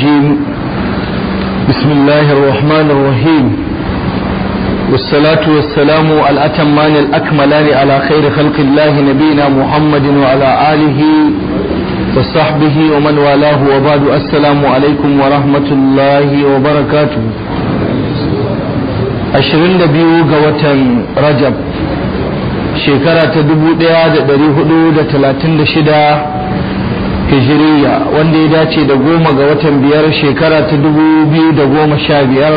جيم بسم الله الرحمن الرحيم والصلاة والسلام الأتمان الأكملان على خير خلق الله نبينا محمد وعلى آله وصحبه ومن والاه وبعد السلام عليكم ورحمة الله وبركاته ashirin da biyu ga watan rajab shekara ta dubu ɗaya da ɗari hudu da talatin da shida hijiriya wanda ya dace da goma ga watan biyar shekara ta dubu biyu da goma sha biyar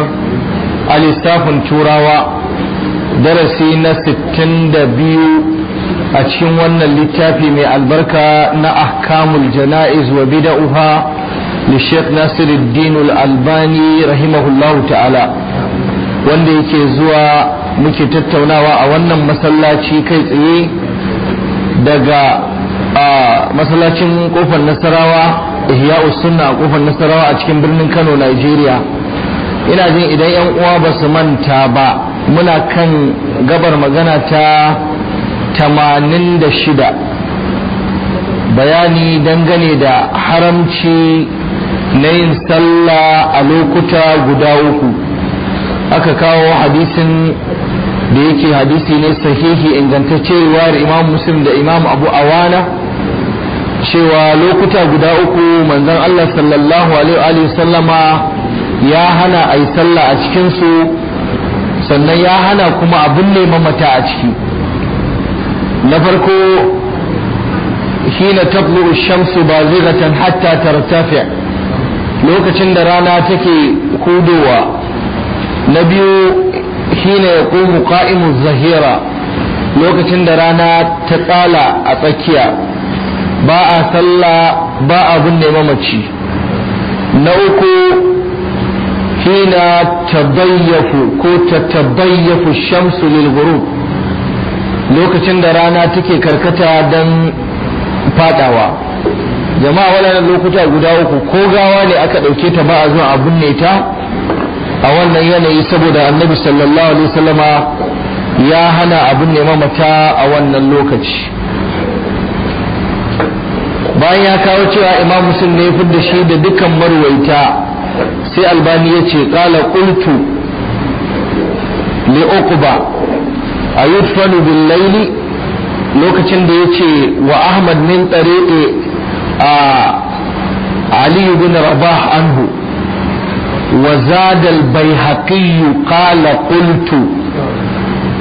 a lissafin turawa darasi na sittin da biyu a cikin wannan littafi mai albarka na ahkamul jana'iz wa bida'uha li sheikh nasiruddin al-albani rahimahullahu ta'ala wanda yake zuwa muke tattaunawa a wannan masallaci kai tsaye daga a masallacin kofar nasarawa ihya'us sunna a kofar nasarawa a cikin birnin kano nigeria ina jin idan yan uwa ba su manta ba muna kan gabar magana ta 86 bayani dangane da haramci na yin sallah a lokuta guda uku aka kawo hadisin da yake hadisi ne sahihi ingantacce wa imam muslim da imam abu awana cewa lokuta guda uku manzon Allah sallallahu alaihi sallama ya hana a yi sallah a cikinsu sannan ya hana kuma abin ne mamata a ciki na farko shi na tablo shamsu bazighatan hatta tartafi lokacin da rana take kudowa, na biyu shi na yaqumu qa'imu zahira lokacin da rana ta tsala a tsakiya ba a sallah ba a ne mamaci na uku hina tabayyafu ko tabayyafu shamsu lil ghurub lokacin da rana take karkata don fadawa jama'a waɗannan lokuta guda uku ko gawa ne aka ɗauke ta ba a zuwa a binne ta a wannan yanayi saboda annabi sallallahu alaihi wasallama ya hana abin ne mamata a wannan lokaci bayan ya kawo cewa imam muslim ne fi da shi da dukkan marwaita sai albani ya ce kala qultu li uqba ayudfanu bil layli lokacin da yace wa ahmad min tariqi a ali ibn rabah anhu wa zada al bayhaqi qala qultu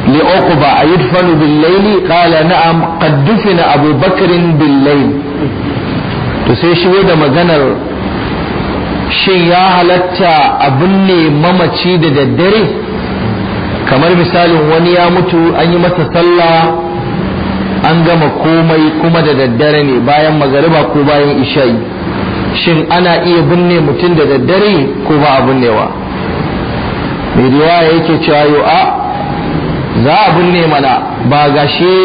لعقبة أيدفن بالليل na'am نعم قد abu أبو بكر بالليل to sai shigo da maganar shin ya halatta abin ne mamaci da daddare kamar misalin wani ya mutu an yi masa sallah an gama komai kuma da daddare ne bayan magariba ko bayan isha'i shin ana iya binne mutum da daddare ko ba a binnewa mai riwaya yake cewa yo a za a binne mana ba gashi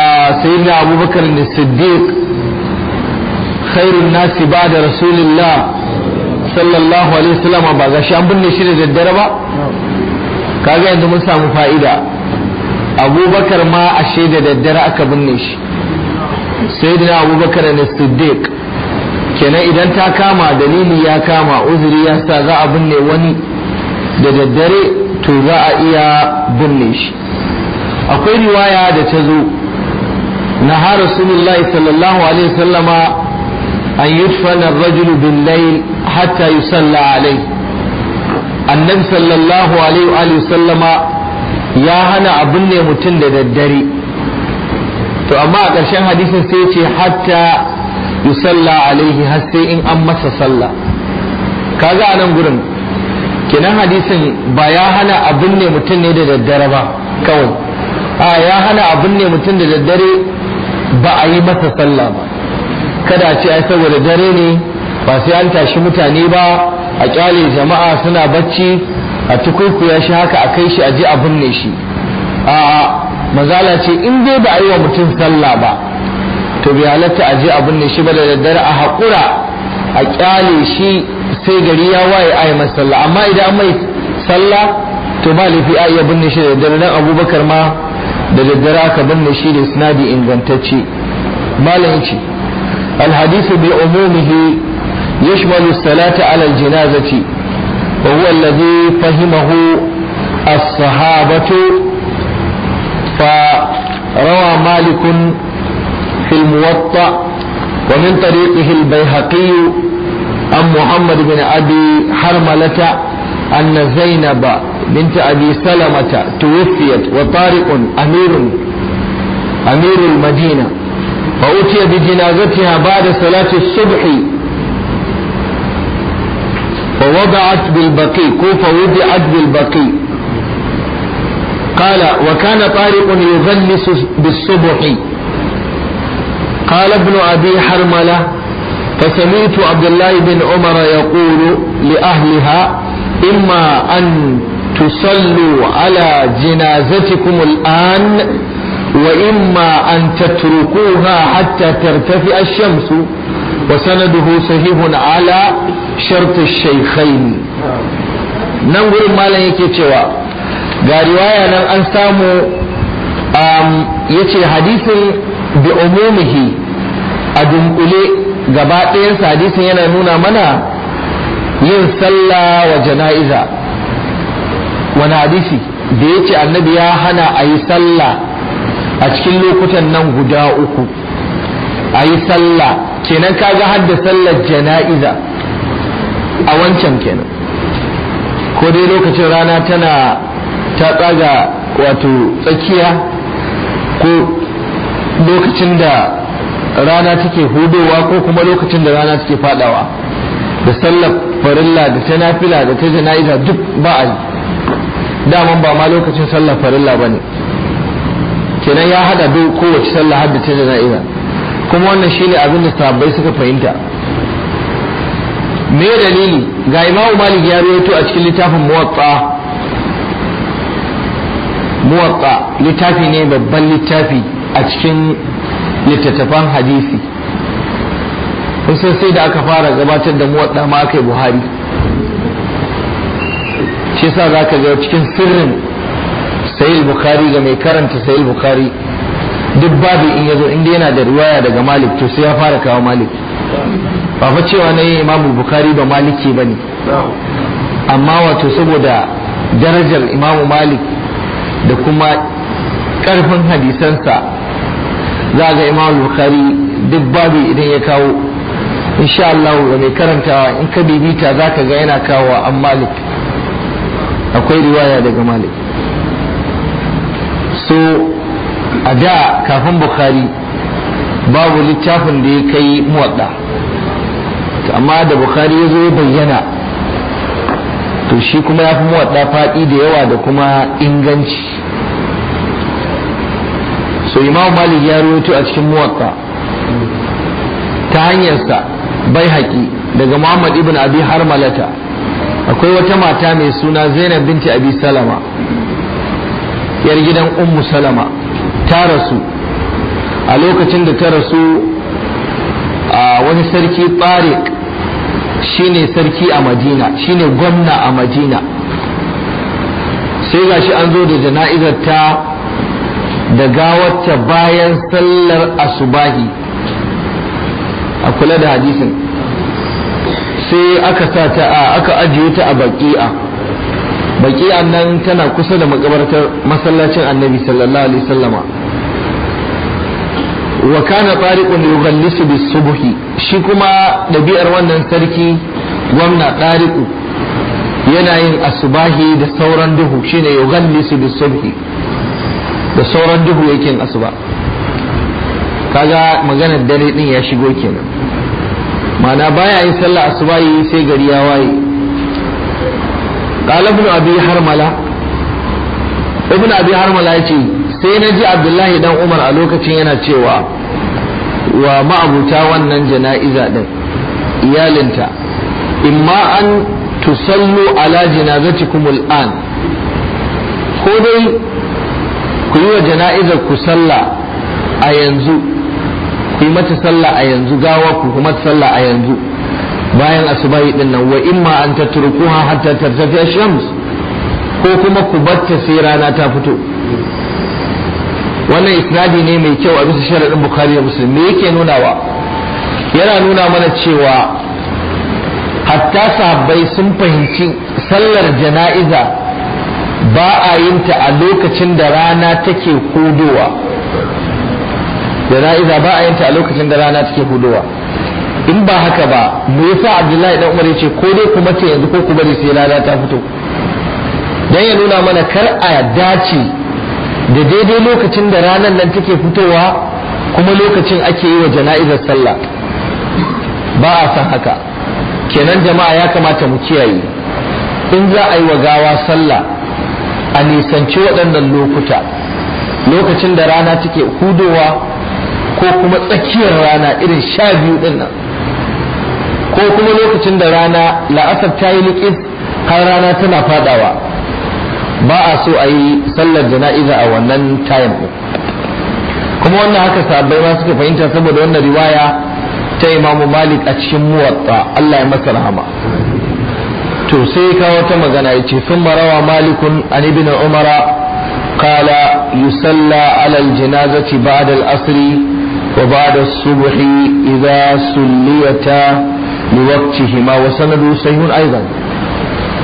a sayyidina abubakar da siddiq الناس nasi ba da صلى sallallahu alaihi وسلم ba ga shi an binne shi da daddare ba kaga yanzu mun samu fa'ida abubakar ma ashe da daddare aka binne shi sayyidina abubakar ne siddiq kenan idan ta kama dalili ya kama uzuri ya sa za a binne wani da daddare to za a iya binne shi akwai riwaya da ta zo na ha rasulullahi sallallahu alaihi wasallama an yudfana ar-rajulu bil-layl hatta yusalla alayhi annabi sallallahu alaihi wa sallama ya hana abin ne mutum da daddare to amma a ƙarshen hadisin sai ce hatta yusalla alaihi har sai in an masa sallah kaga a nan gurin kinan hadisin ba ya hana abin ne mutum da daddare ba kawai a ya hana abin ne mutum da daddare ba a yi masa sallah ba kada ce ai saboda dare ne ba sai an tashi mutane ba a kyale jama'a suna bacci a ya shi haka a kai shi a ji a binne shi a mazala ce in dai ba a yi wa mutum sallah ba to bi halatta a je a binne shi ba da daddare a haƙura a kyale shi sai gari ya waye a yi sallah amma idan an mai sallah to ba laifi a iya binne shi da daddare dan abubakar ma da daddare aka binne shi da sinadi ingantacce malam ce الحديث بعمومه يشمل الصلاة على الجنازة وهو الذي فهمه الصحابة فروى مالك في الموطأ ومن طريقه البيهقي عن محمد بن أبي حرملة أن زينب بنت أبي سلمة توفيت وطارق أمير أمير المدينة فأتي بجنازتها بعد صلاة الصبح فوضعت بالبقي كوفة وضعت بالبقي قال وكان طارق يغلس بالصبح قال ابن أبي حرملة فسمعت عبد الله بن عمر يقول لأهلها إما أن تصلوا على جنازتكم الآن وإما أن تتركوها حتى ترتفع الشمس وسنده صحيح على شرط الشيخين ننظر ما لن يكتوى رواية أن سامو يتي حديث بأمومه أدنقلي gabaɗayan قبائل yana nuna mana yin sallah wa jana'iza wani hadisi da ya ce annabi ya hana a yi sallah a cikin lokutan nan guda uku a yi sallah kenan ka ga hadda sallar jana'iza a wancan kenan ko dai lokacin rana tana ta tsaga wato tsakiya ko lokacin da rana take hudowa ko kuma lokacin da rana take fadawa da sallar farilla da ta nafila da ta jana'iza duk ba a yi daman ba ma lokacin sallar farilla ba ne kenan ya hada duk kowace sallah hadda ta jana'iza kuma wannan shine abin da sahabbai suka fahimta me dalili ga imamu malik ya rawaito a cikin littafin muwatta muwatta littafi ne babban littafi a cikin littattafan hadisi kusan sai da aka fara gabatar da muwatta ma aka yi buhari shi yasa za ka ga cikin sirrin sahih bukhari ga mai karanta sahih bukhari duk babu in yazo inda yana da riwaya daga malik to sai ya fara kawo malik ba fa cewa na imam bukhari ba maliki bane amma wato saboda darajar Imam malik da kuma karfin hadisansa za ga imam bukhari duk babu idan ya kawo insha Allah ga mai karantawa in ka bibita za ka ga yana kawo an malik akwai riwaya daga malik so a da kafin bukhari babu littafin da ya kai muwadda amma da bukhari ya zo ya bayyana to shi kuma ya fi muwadda faɗi da yawa da kuma inganci so imam malik ya rawaito a cikin muwadda ta hanyarsa bai haƙi daga muhammad ibn abi harmalata akwai wata mata mai suna zainab binti abi salama yar gidan ummu salama ta rasu a lokacin da ta rasu a wani sarki tsarik shine sarki a madina shine gwamna a madina sai gashi an zo da jana'izar ta da gawarta bayan sallar asubahi a kula da hadisin sai aka sa ta aka ajiye ta a baki'a baki nan tana kusa da makabartar masallacin annabi sallallahu alaihi sallama wa kana tariqun yughallisu bis subhi shi kuma dabi'ar wannan sarki gwamna tariqu yana yin asubahi da sauran duhu shine yughallisu bis subhi da sauran duhu yake yin asuba kaga maganar dare din ya shigo kenan ma'ana baya yin sallah asubahi sai gari ya waye qala ibn abi harmala ibn abi harmala yace sai na ji abdullahi dan umar a lokacin yana cewa wa ma'abuta wannan jana'iza din iyalinta imma an tusallu ala janazatikum al'an ko dai ku yi wa jana'izar ku salla a yanzu ku yi mata salla a yanzu gawa ku kuma salla a yanzu bayan asubahi din nan wa imma an tatrukuha hatta tartafi ash-shams ko kuma ku sai rana ta fito wannan isnadi ne mai kyau a bisa sharadin bukhari da muslim me yake nunawa yana nuna mana cewa hatta sahabbai sun fahimci sallar jana'iza ba a yin ta a lokacin da rana take hudowa jana'iza ba a yin ta a lokacin da rana take hudowa in ba haka ba me yasa abdullahi dan umar yace ko dai kuma ce yanzu ko kuma sai rana ta fito dan ya nuna mana kar a dace da daidai lokacin da ranar nan take fitowa kuma lokacin ake yi wa jana'izar sallah ba a san haka kenan jama'a ya kamata mu kiyaye in za a yi wa gawa sallah a nisanci waɗannan lokuta lokacin da rana take hudowa ko kuma tsakiyar rana irin sha biyu ɗin nan ko kuma lokacin da rana la'asar ta yi liƙis har rana tana fadawa ba a so a yi sallar jana'iza a wannan tayin kuma wannan haka sahabbai ma suka fahimta saboda wannan riwaya ta imamu malik a cikin muwatta Allah ya masa rahama to sai kawo ta magana ya ce sun marawa malikun an ibn umara قال يصلى على الجنازة بعد العصر وبعد الصبح إذا سليتا liwaqtihima wa sanadu sahihun aidan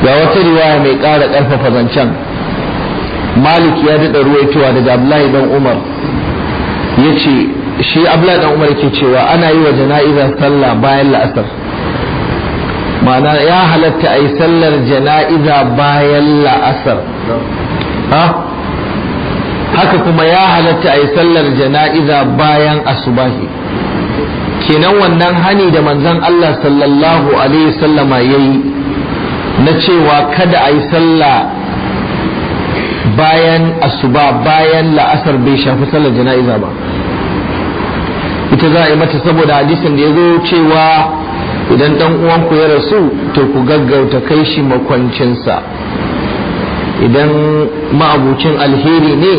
ga wata riwaya mai ƙara ƙarfafa zancen malik ya daɗa ruwaitowa daga abdullahi dan umar ya shi abdullahi dan umar ke cewa ana yiwa jana'izar sallah bayan la'asar ya halatta a yi sallar jana'iza bayan la'asar haka kuma ya halatta a yi sallar jana'iza bayan asubahi kenan wannan hani da manzan Allah sallallahu alaihi sallama yi na cewa kada a yi sallah bayan asuba bayan la'asar bai shafi sallar jana'iza ba ita za a yi mata saboda hadisin da ya zo cewa idan dan uwanku ya rasu to ku gaggauta kai shi makwancinsa idan ma'abucin alheri ne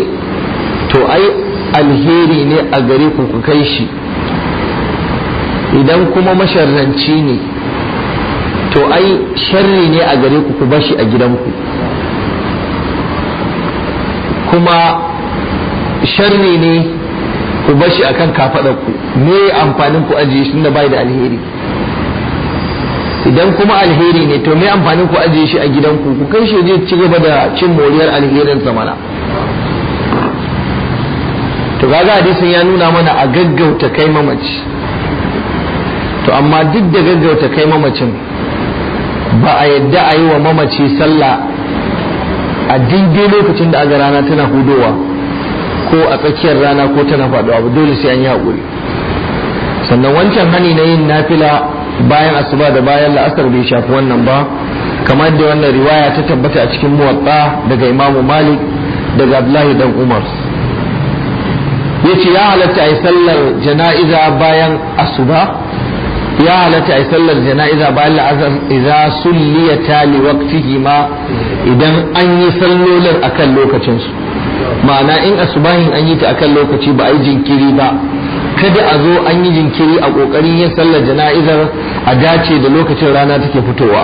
to ai alheri ne a gare ku ku kai shi idan kuma masharranci ne to ai sharri ne a gare ku ku bashi a gidanku kuma sharri ne ku bashi akan kafaɗarku me amfanin ku ajiye shi da bai da alheri idan kuma alheri ne to me amfanin ku ajiye shi a gidanku ku kai shi je ci gaba da cin moriyar alherin zamana to ga hadisin ya nuna mana a gaggauta kai mamaci to amma duk da gaggauta kai mamacin ba a yadda a yi wa mamaci sallah a daidai lokacin da aga rana tana hudowa ko a tsakiyar rana ko tana faduwa ba dole sai an yi hakuri. sannan wancan hani na yin nafila bayan asuba da bayan la'asar bai shafi wannan ba kamar da wannan riwaya ta tabbata a cikin muwatta daga imamu malik daga abdullahi dan umar Ya ce ya halatta a yi sallar jana'iza bayan asuba ya halatta a sallar jana'iza bayan la'asar idza sulliyata li waqtihima idan an yi sallolar akan lokacin su ma'ana in asubahin an yi ta akan lokaci ba a yi jinkiri ba kada a zo an yi jinkiri a kokarin yin sallar jana'izar a dace da lokacin rana take fitowa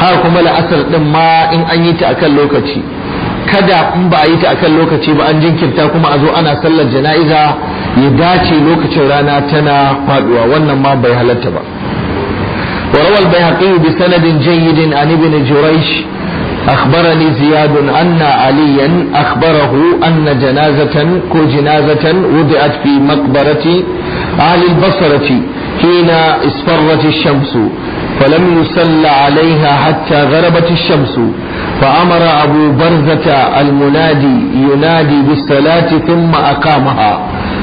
har kuma la'asar ɗin ma in an yi ta akan lokaci kada in ba a yi ta akan lokaci ba an jinkirta kuma a zo ana sallar jana'iza ya dace lokacin rana tana faduwa wannan ma bai halatta ba وروى البيهقي بسند جيد عن ابن جريش أخبرني زياد أن عليا أخبره أن جنازة كو جنازة وضعت في مقبرة أهل البصرة حين اصفرت الشمس فلم يصل عليها حتى غربت الشمس فأمر أبو برزة المنادي ينادي بالصلاة ثم أقامها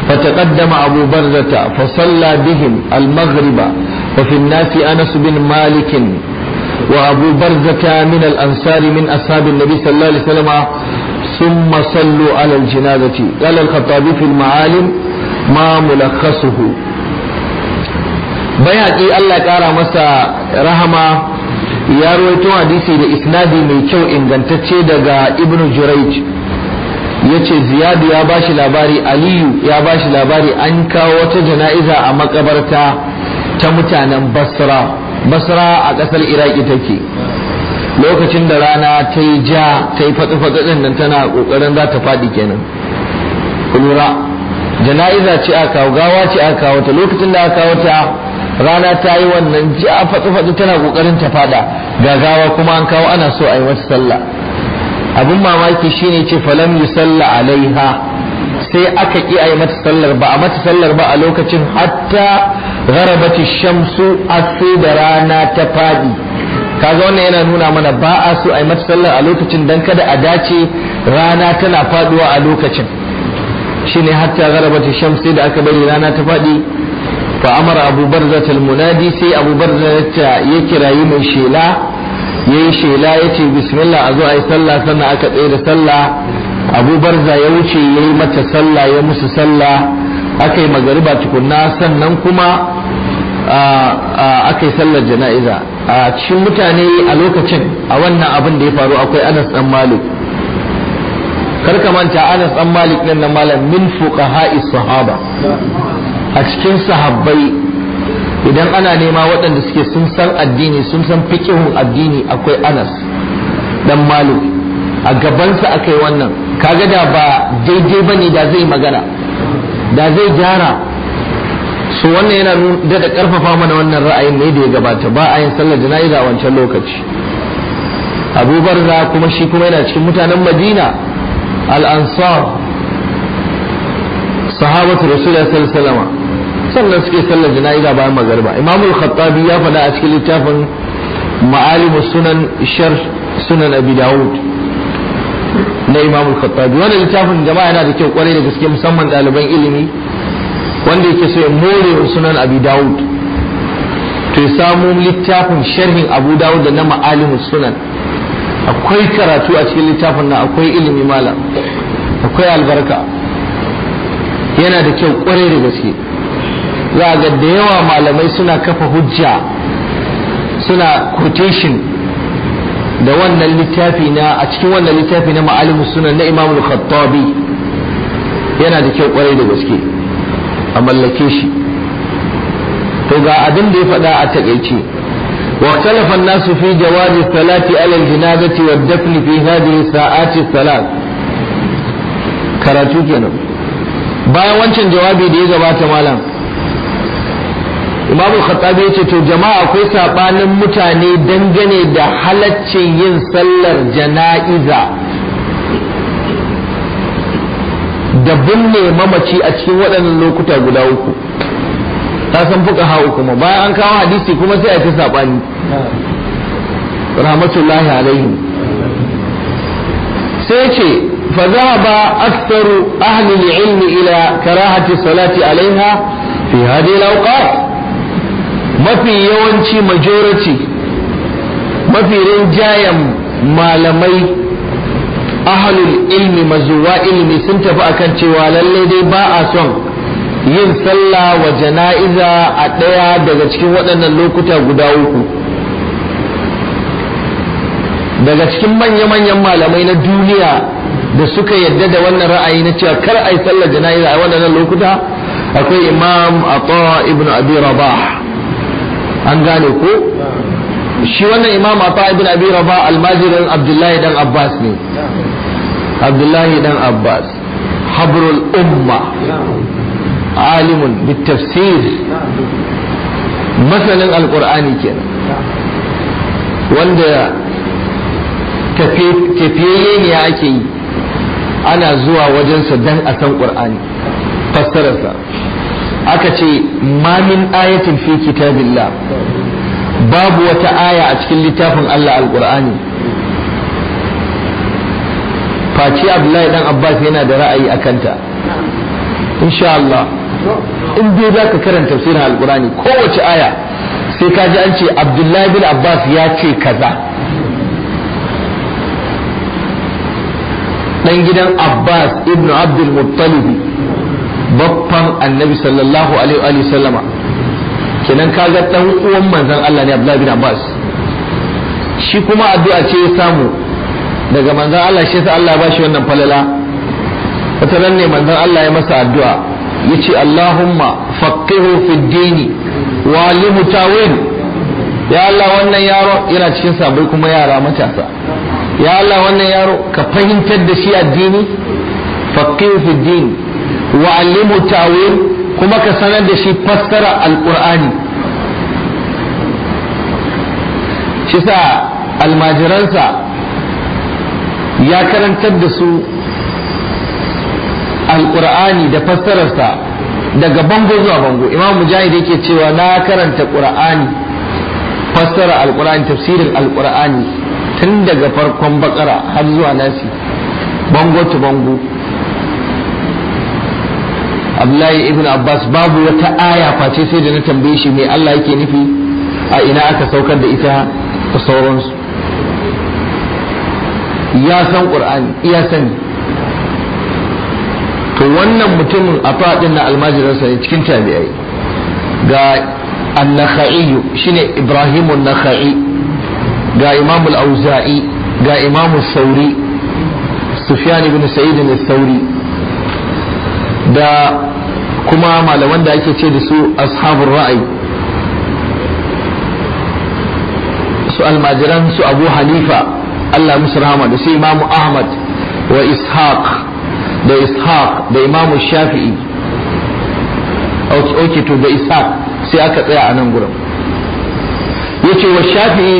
فتقدم أبو برزة فصلى بهم المغرب وفي الناس أنس بن مالك وأبو برزة من الأنصار من أصحاب النبي صلى الله عليه وسلم ثم صلوا على الجنازة قال الخطابي في المعالم ما ملخصه bayaki Allah ya kara masa rahama ya rawaito hadisi da isnadi mai kyau ingantacce daga ibnu juraij yace ziyadu ya bashi labari aliyu ya bashi labari an kawo wata jana'iza a makabarta ta mutanen basra basra a kasar iraki take lokacin da rana ta yi ja ta yi nan tana ƙoƙarin za ta faɗi kenan kulura jana'iza ce a kawo gawa ce a kawo ta lokacin da aka kawo ta rana ta yi wannan ji a fatsi-fatsi tana kokarin ta fada gagawa kuma an kawo ana so a yi wata sallah abin mamaki shine ce falam yi sallah alaiha sai aka ki a yi mata sallar ba a mata sallar ba a lokacin hatta gharabati shamsu sai da rana ta fadi kaga wannan yana nuna mana ba a so a yi mata sallar a lokacin dan kada a dace rana tana faduwa a lokacin shine hatta gharabati shamsu da aka bari rana ta fadi fa amara abu barza munadi sai abu barza ya kirayi mai shela ya yi shela yace ce bismillah a zo a yi sallah sannan aka tsaye da sallah abu barza ya wuce ya yi mata sallah ya musu sallah aka yi magariba tukunna sannan kuma aka yi sallar jana'iza a cikin mutane a lokacin a wannan abin da ya faru akwai anas dan malik karka manta anas dan malik nan na malam min fuqaha'i sahaba a cikin sahabbai idan ana nema waɗanda suke sun san addini sun san fikihun addini akwai anas dan malu a gabansa akai wannan kaga da ba daidai bane da zai magana da zai gyara su wannan yana da karfafa mana wannan ra'ayin ne da ya gabata ba a yin sallar jana'iza a wancan lokaci abubar za kuma shi kuma yana cikin mutanen madina al-ansar sahabatu rasulullahi sallallahu alaihi sannan suke sallar jana'iza bayan magariba imamul al-khattabi ya faɗa a cikin littafin ma'alimu sunan shar sunan abi dawud na imamul al-khattabi wannan littafin jama'a yana da kyau kwarai da gaske musamman ɗaliban ilimi wanda yake so ya more sunan abi dawud to ya samu littafin sharhin abu dawud da na ma'alimu sunan akwai karatu a cikin littafin nan akwai ilimi malam akwai albarka yana da kyau kwarai da gaske za ga da yawa malamai suna kafa hujja suna quotation da wannan littafi na a cikin wannan littafi na ma'alimu sunan na imam al-khattabi yana da kyau kwarai da gaske a mallake shi to ga abin da ya faɗa a takaice واختلف الناس في جواز الصلاة على الجنازة والدفن في هذه الساعات الثلاث karatu kenan bayan wancan jawabi da ya gabata malam imam al-khattabi yace to jama'a akwai sabanin mutane dangane da halaccin yin sallar jana'iza da binne mamaci a cikin waɗannan lokuta guda uku ta san fuka hau kuma bayan an kawo hadisi kuma sai a saɓani sabani rahmatullahi alaihi sai ce فذهب أكثر أهل العلم إلى كراهة الصلاة عليها في هذه الأوقات mafi yawanci majority mafi rinjayen malamai ahalul ilmi mazuwa ilmi sun tafi akan cewa lallai dai ba a son yin sallah wa jana'iza a ɗaya daga cikin waɗannan lokuta guda uku daga cikin manya-manyan malamai na duniya da suka yadda da wannan ra'ayi na cewa kar a yi sallar jana'iza a waɗannan lokuta akwai imam ata ibn abi rabah an gane ko shi wannan imam ata ibn abi raba almajirin abdullahi dan abbas ne abdullahi dan abbas habrul umma alimun bitafsir masanin alkur'ani kenan wanda tafiye ne ake yi ana zuwa wajensa dan a san ƙur'ani fassararsa aka ce mamin min ayatin fi kitabillah babu wata aya a cikin littafin Allah alqur'ani face Abdullahi dan Abbas yana da ra'ayi akanta insha Allah in dai ka karanta tafsirin alqur'ani kowace aya sai ka ji an ce Abdullahi bin Abbas ya ce kaza dan gidan Abbas ibnu Abdul Muttalib babban annabi sallallahu alaihi wa sallama kenan ka ga dan uwan manzon Allah ne Abdullahi bin Abbas shi kuma addu'a ce ya samu daga manzon Allah shi sa Allah ya bashi wannan falala wata ran ne manzon Allah ya masa addu'a yace Allahumma faqihu fid dini wa limu tawil ya Allah wannan yaro yana cikin sabai kuma yara matasa ya Allah wannan yaro ka fahimtar da shi addini faqihu fid dini wa allimu kuma ka sanar da shi fassara alqur'ani shi sa almajiransa ya karantar da su alqur'ani da fassararsa daga bango zuwa bango imam mujahid yake cewa na karanta qur'ani fassara alqur'ani tafsirin alqur'ani tun daga farkon bakara har zuwa nasi bango to bango abdullahi ibn abbas babu wata aya face sai da na tambaye shi me Allah yake nufi a ina aka saukar da ita da sauransu ya san Qur'an? iya sani to wannan mutumin a fadin na almajirarsa ne cikin tabi'ai ga an-nakhai shine ibrahim an-nakhai ga imam al-auza'i ga imam sauri sufyan ibn sa'id al-sauri da kuma malaman da ake ce da su ashabun ra'ayi su almajiran su abu halifa. allah musu rahama da su imamu ahmad wa ishaq da ishaq da imamu shafi'i ok to da ishaq sai aka tsaya a nan gurin yace wa shafi'i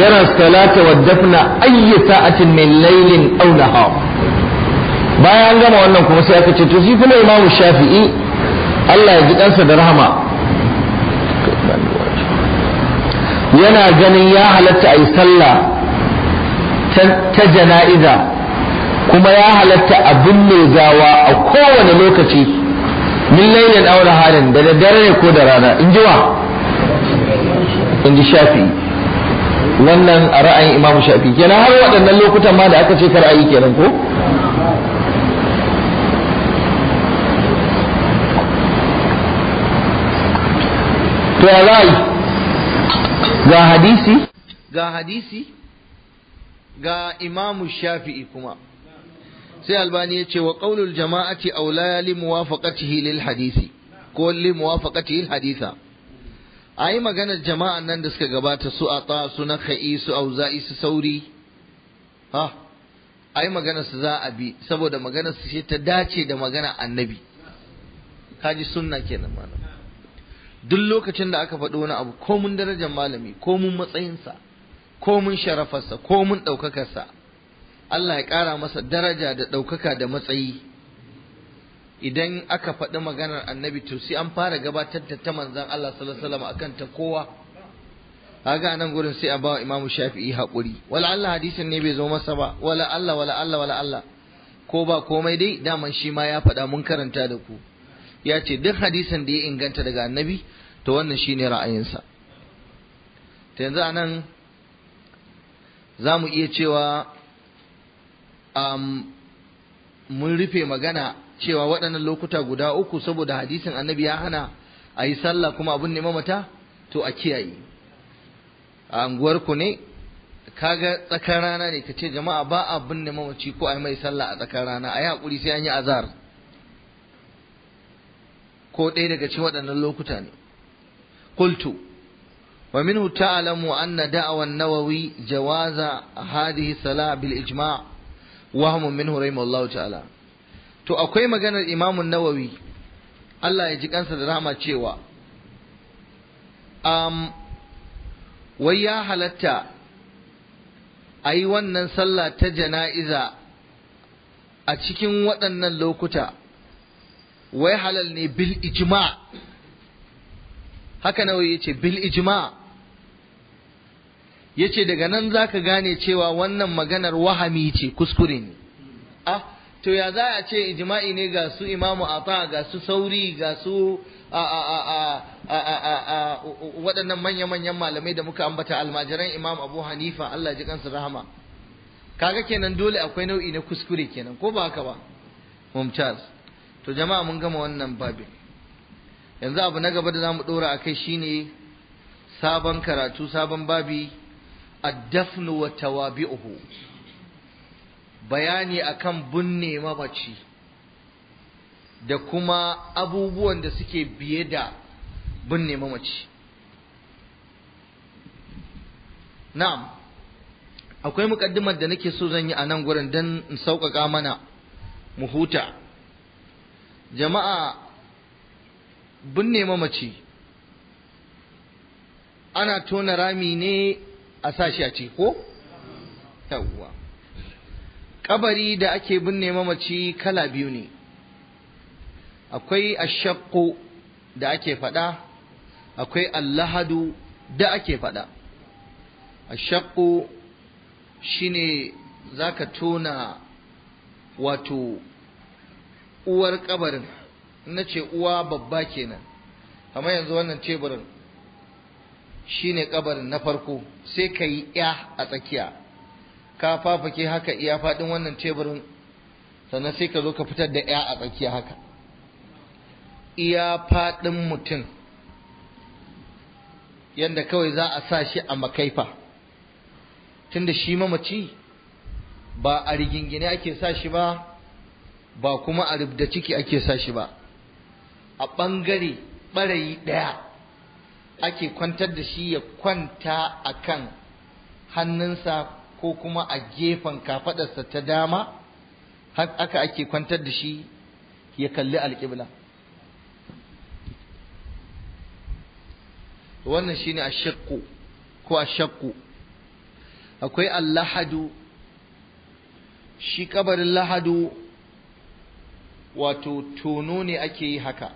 yara salata wa dafna ayyi sa'atin min laylin aw nahar Baya an gama wannan kuma sai aka ce to shi kuma imamu shafi'i Allah ya ji ɗansa da rahama yana ganin ya halatta a yi sallah ta jana'iza kuma ya halatta a binne gawa a kowane lokaci min lailin aure halin da dare ko da rana in ji wa in ji shafi'i wannan a ra'ayin imam shafi kenan har waɗannan lokutan ma da aka ce kar ayi kenan ko to rai ga hadisi ga hadisi ga imamu shafi'i kuma sai albani ya ce wa qaulul jama'ati aula li muwafaqatihi lil hadisi ko li muwafaqatihi haditha ayi maganar jama'an nan da suka gabata su a ta su kai su za'i su sauri ha ai maganar su za a bi saboda maganar su ce ta dace da magana annabi kaji sunna kenan malam duk lokacin da aka faɗi wani abu ko mun darajar malami ko mun matsayinsa ko mun sharafarsa ko mun ɗaukakarsa Allah ya ƙara masa daraja da ɗaukaka da matsayi idan aka faɗi maganar annabi to an fara gabatar da ta manzan Allah sallallahu alaihi wasallam ta kowa kaga nan gurin sai a bawa Imam Shafi'i haƙuri wala Allah hadisin ne bai zo masa ba wala Allah wala Allah wala Allah ko ba komai dai daman shi ma ya faɗa mun karanta da ku ya ce duk hadisan da ya inganta daga annabi to wannan shine ra'ayinsa ta yanzu anan za mu iya cewa um, mun rufe magana cewa waɗannan lokuta guda uku saboda hadisin annabi ya hana a yi sallah kuma abin ne mamata to a kiyaye a ku ne kaga tsakar rana ne ka ce jama'a ba abin ne mamaci ko a yi mai sallah a tsakar rana a yi haƙuri sai an yi azar ko ɗaya daga cikin waɗannan lokuta ne Kultu. wa nawawi jawaza bil ijma' ta'ala to akwai maganar imamun nawawi Allah ya ji kansa da rahama cewa um, wai ya halatta a yi wannan sallah ta jana'iza a cikin waɗannan lokuta wai halal ne bil ijma haka ya yace bil ijma yace daga nan zaka gane cewa wannan maganar wahami ce kuskure ne ah to ya za a ce ijma'i ne ga su imamu ata ga su sauri ga su waɗannan manya-manyan malamai da muka ambata almajiran imam abu hanifa allah ji kansu rahama kaga kenan dole akwai nau'i na kuskure kenan ko ba haka ba mumtaz to jama'a mun gama wannan babin yanzu abu na gaba da zamu dora akai shine sabon karatu sabon babi ad wa tawabi'uhu bayani akan binne mamaci da kuma abubuwan da suke biye da binne mamaci na'am akwai mukaddimar da nake so zan yi a nan gurin don in sauƙaƙa mana mu huta jama'a binne mamaci ana tona rami ne a sashi a ciki ko? yawwa kabari da ake binne mamaci kala biyu ne akwai ashakku da ake faɗa akwai allahadu da ake faɗa ashakku shine zaka tona wato uwar kabarin na ce uwa babba kenan kamar yanzu wannan teburin shine kabarin na farko sai ka yi ya a tsakiya ka fafake haka iya faɗin wannan teburin sannan sai ka zo ka fitar da ya a tsakiya haka iya faɗin mutum yadda kawai za a sa shi a makaifa tunda shi mamaci ba a rigingine ake sa shi ba ba kuma a rubda ciki ake sa shi ba a ɓangare ɓarayi ɗaya ake kwantar da shi ya kwanta a kan hannunsa ko kuma a gefen kafaɗarsa ta dama haka ake kwantar da shi ya kalli alƙibla wannan shi ne a shakku ko a shakku akwai allahadu shi kabarin lahadu wato tono ne ake yi haka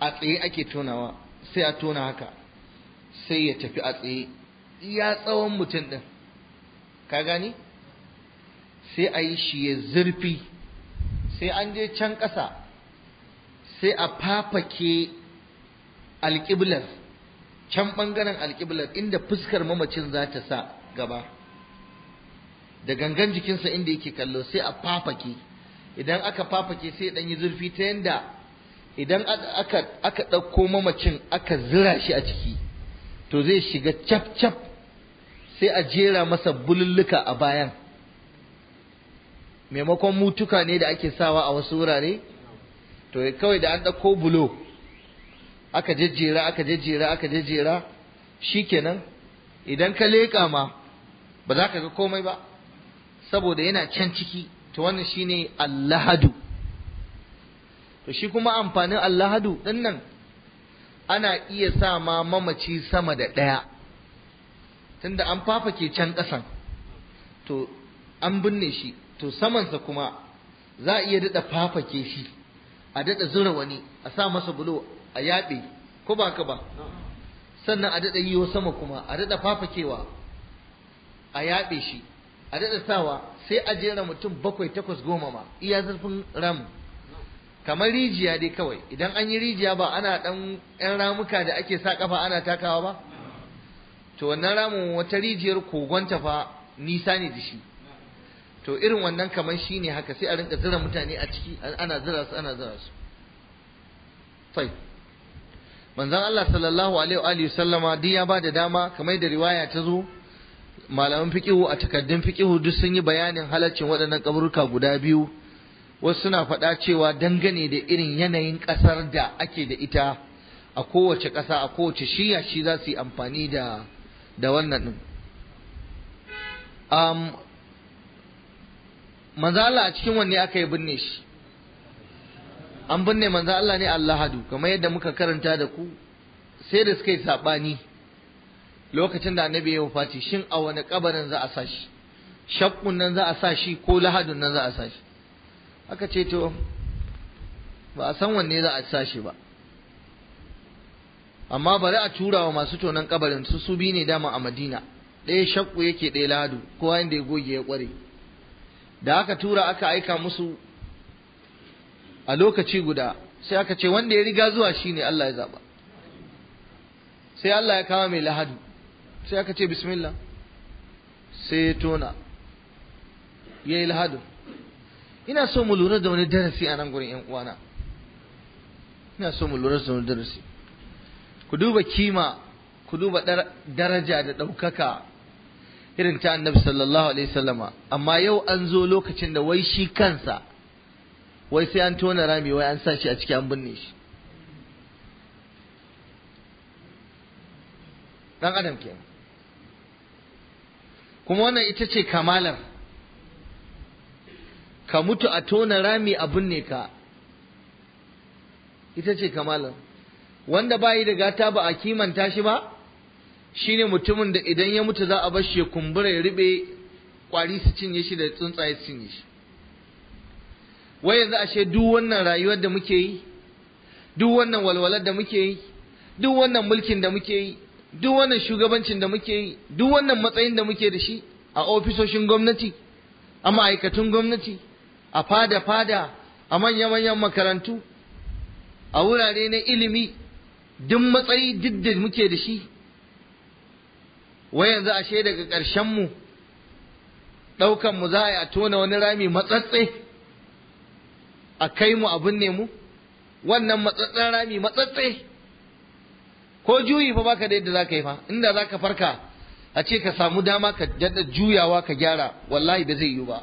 a tsaye ake tonawa sai a tona haka sai ya tafi a tsaye ya tsawon mutum ɗin ka gani sai a yi shi ya zurfi sai an je can ƙasa sai a fafake alƙiblar can ɓangaren alƙiblar inda fuskar mamacin za ta sa gaba da gangan jikinsa inda yake kallo sai a fafake idan aka fafake sai dan yi zurfi ta yanda idan aka aka ɗauko mamacin aka zira shi a ciki to zai shiga cap cap sai a jera masa bululluka a bayan maimakon mutuka ne da ake sawa a wasu wurare to kawai da an ɗauko bulo aka jejjera aka jejjera aka jejjera shikenan idan ka leƙa ma ba za ka ga komai ba saboda yana can ciki to wannan shine allahadu to shi kuma amfanin allahadu din nan ana iya sa ma mamaci sama da ɗaya tunda an fafake can ƙasan to an binne shi to samansa kuma za a iya daɗa fafake shi a daɗa zura wani a sa masa bulo a yaɓe ko ba ka ba sannan a daɗa yiwo sama kuma a daɗa fafakewa a yaɓe shi a daɗa sawa sai a jera mutum bakwai takwas goma ma iya zurfin ram kamar rijiya dai kawai idan an yi rijiya ba ana ɗan ƴan ramuka da ake sa ƙafa ana takawa ba to wannan ramin wata rijiyar kogonta fa nisa ne da shi to irin wannan kamar shi ne haka sai a rinka zira mutane a ciki ana zira su ana zira su fai manzan Allah sallallahu alaihi wa sallama duk ya ba da dama kamar da riwaya ta zo malaman fiƙihu a takardun fiƙihu duk sun yi bayanin halaccin waɗannan kaburka guda biyu wasu suna faɗa cewa dangane da irin yanayin ƙasar da ake da ita a kowace ƙasa a kowace shiya shi za su yi amfani da da wannan ɗin um, manzala a cikin wanne aka yi binne shi an binne manzo Allah ne Allah hadu kamar yadda muka karanta da ku sai da suka yi saɓani lokacin da annabi ya wafati shin a wani kabarin za a sa shi shakkun nan za a sa shi ko lahadun nan za a sa shi aka ce to ba a san wanne za a sa shi ba amma bari a tura wa masu tonon kabarin su su bi ne dama a madina ɗaya shakku yake ɗaya lahadu kowa inda ya goge ya ƙware da aka tura aka aika musu a lokaci guda sai aka ce wanda ya riga zuwa shine Allah ya zaba sai Allah ya kama mai lahadu sai aka ce bismillah sai ya tona ya yi lahadu ina so mu lura da wani darasi a nan gurin yan uwana ina so mu lura da wani darasi ku duba kima ku duba daraja da ɗaukaka irin ta annabi sallallahu alaihi sallama amma yau an zo lokacin da wai shi kansa wai sai an tona rami wai an sa shi a ciki an binne shi dan adam kenan kuma wannan ita ce kamalar ka mutu a tona rami abin ne ka ita ce kamalar wanda bayi da gata ba a kimanta shi ba shine mutumin da idan ya mutu za a bar shi kumbura ya ribe kwari su cinye shi da tsuntsaye su cinye shi wai yanzu ashe duk wannan rayuwar da muke yi duk wannan walwalar da muke yi duk wannan mulkin da muke yi duk wannan shugabancin da muke yi duk wannan matsayin da muke da shi a ofisoshin gwamnati a ma'aikatun gwamnati a fada-fada a manya-manyan makarantu a wurare na ilimi duk matsayi duk da muke da shi wai yanzu ashe daga ƙarshenmu ɗaukanmu za a yi a tona wani rami matsatse a kai mu abin ne mu wannan matsatsen rami matsatse ko juyi fa baka da yadda ka yi fa inda zaka farka a ce ka samu dama ka dada juyawa ka gyara wallahi ba zai yi ba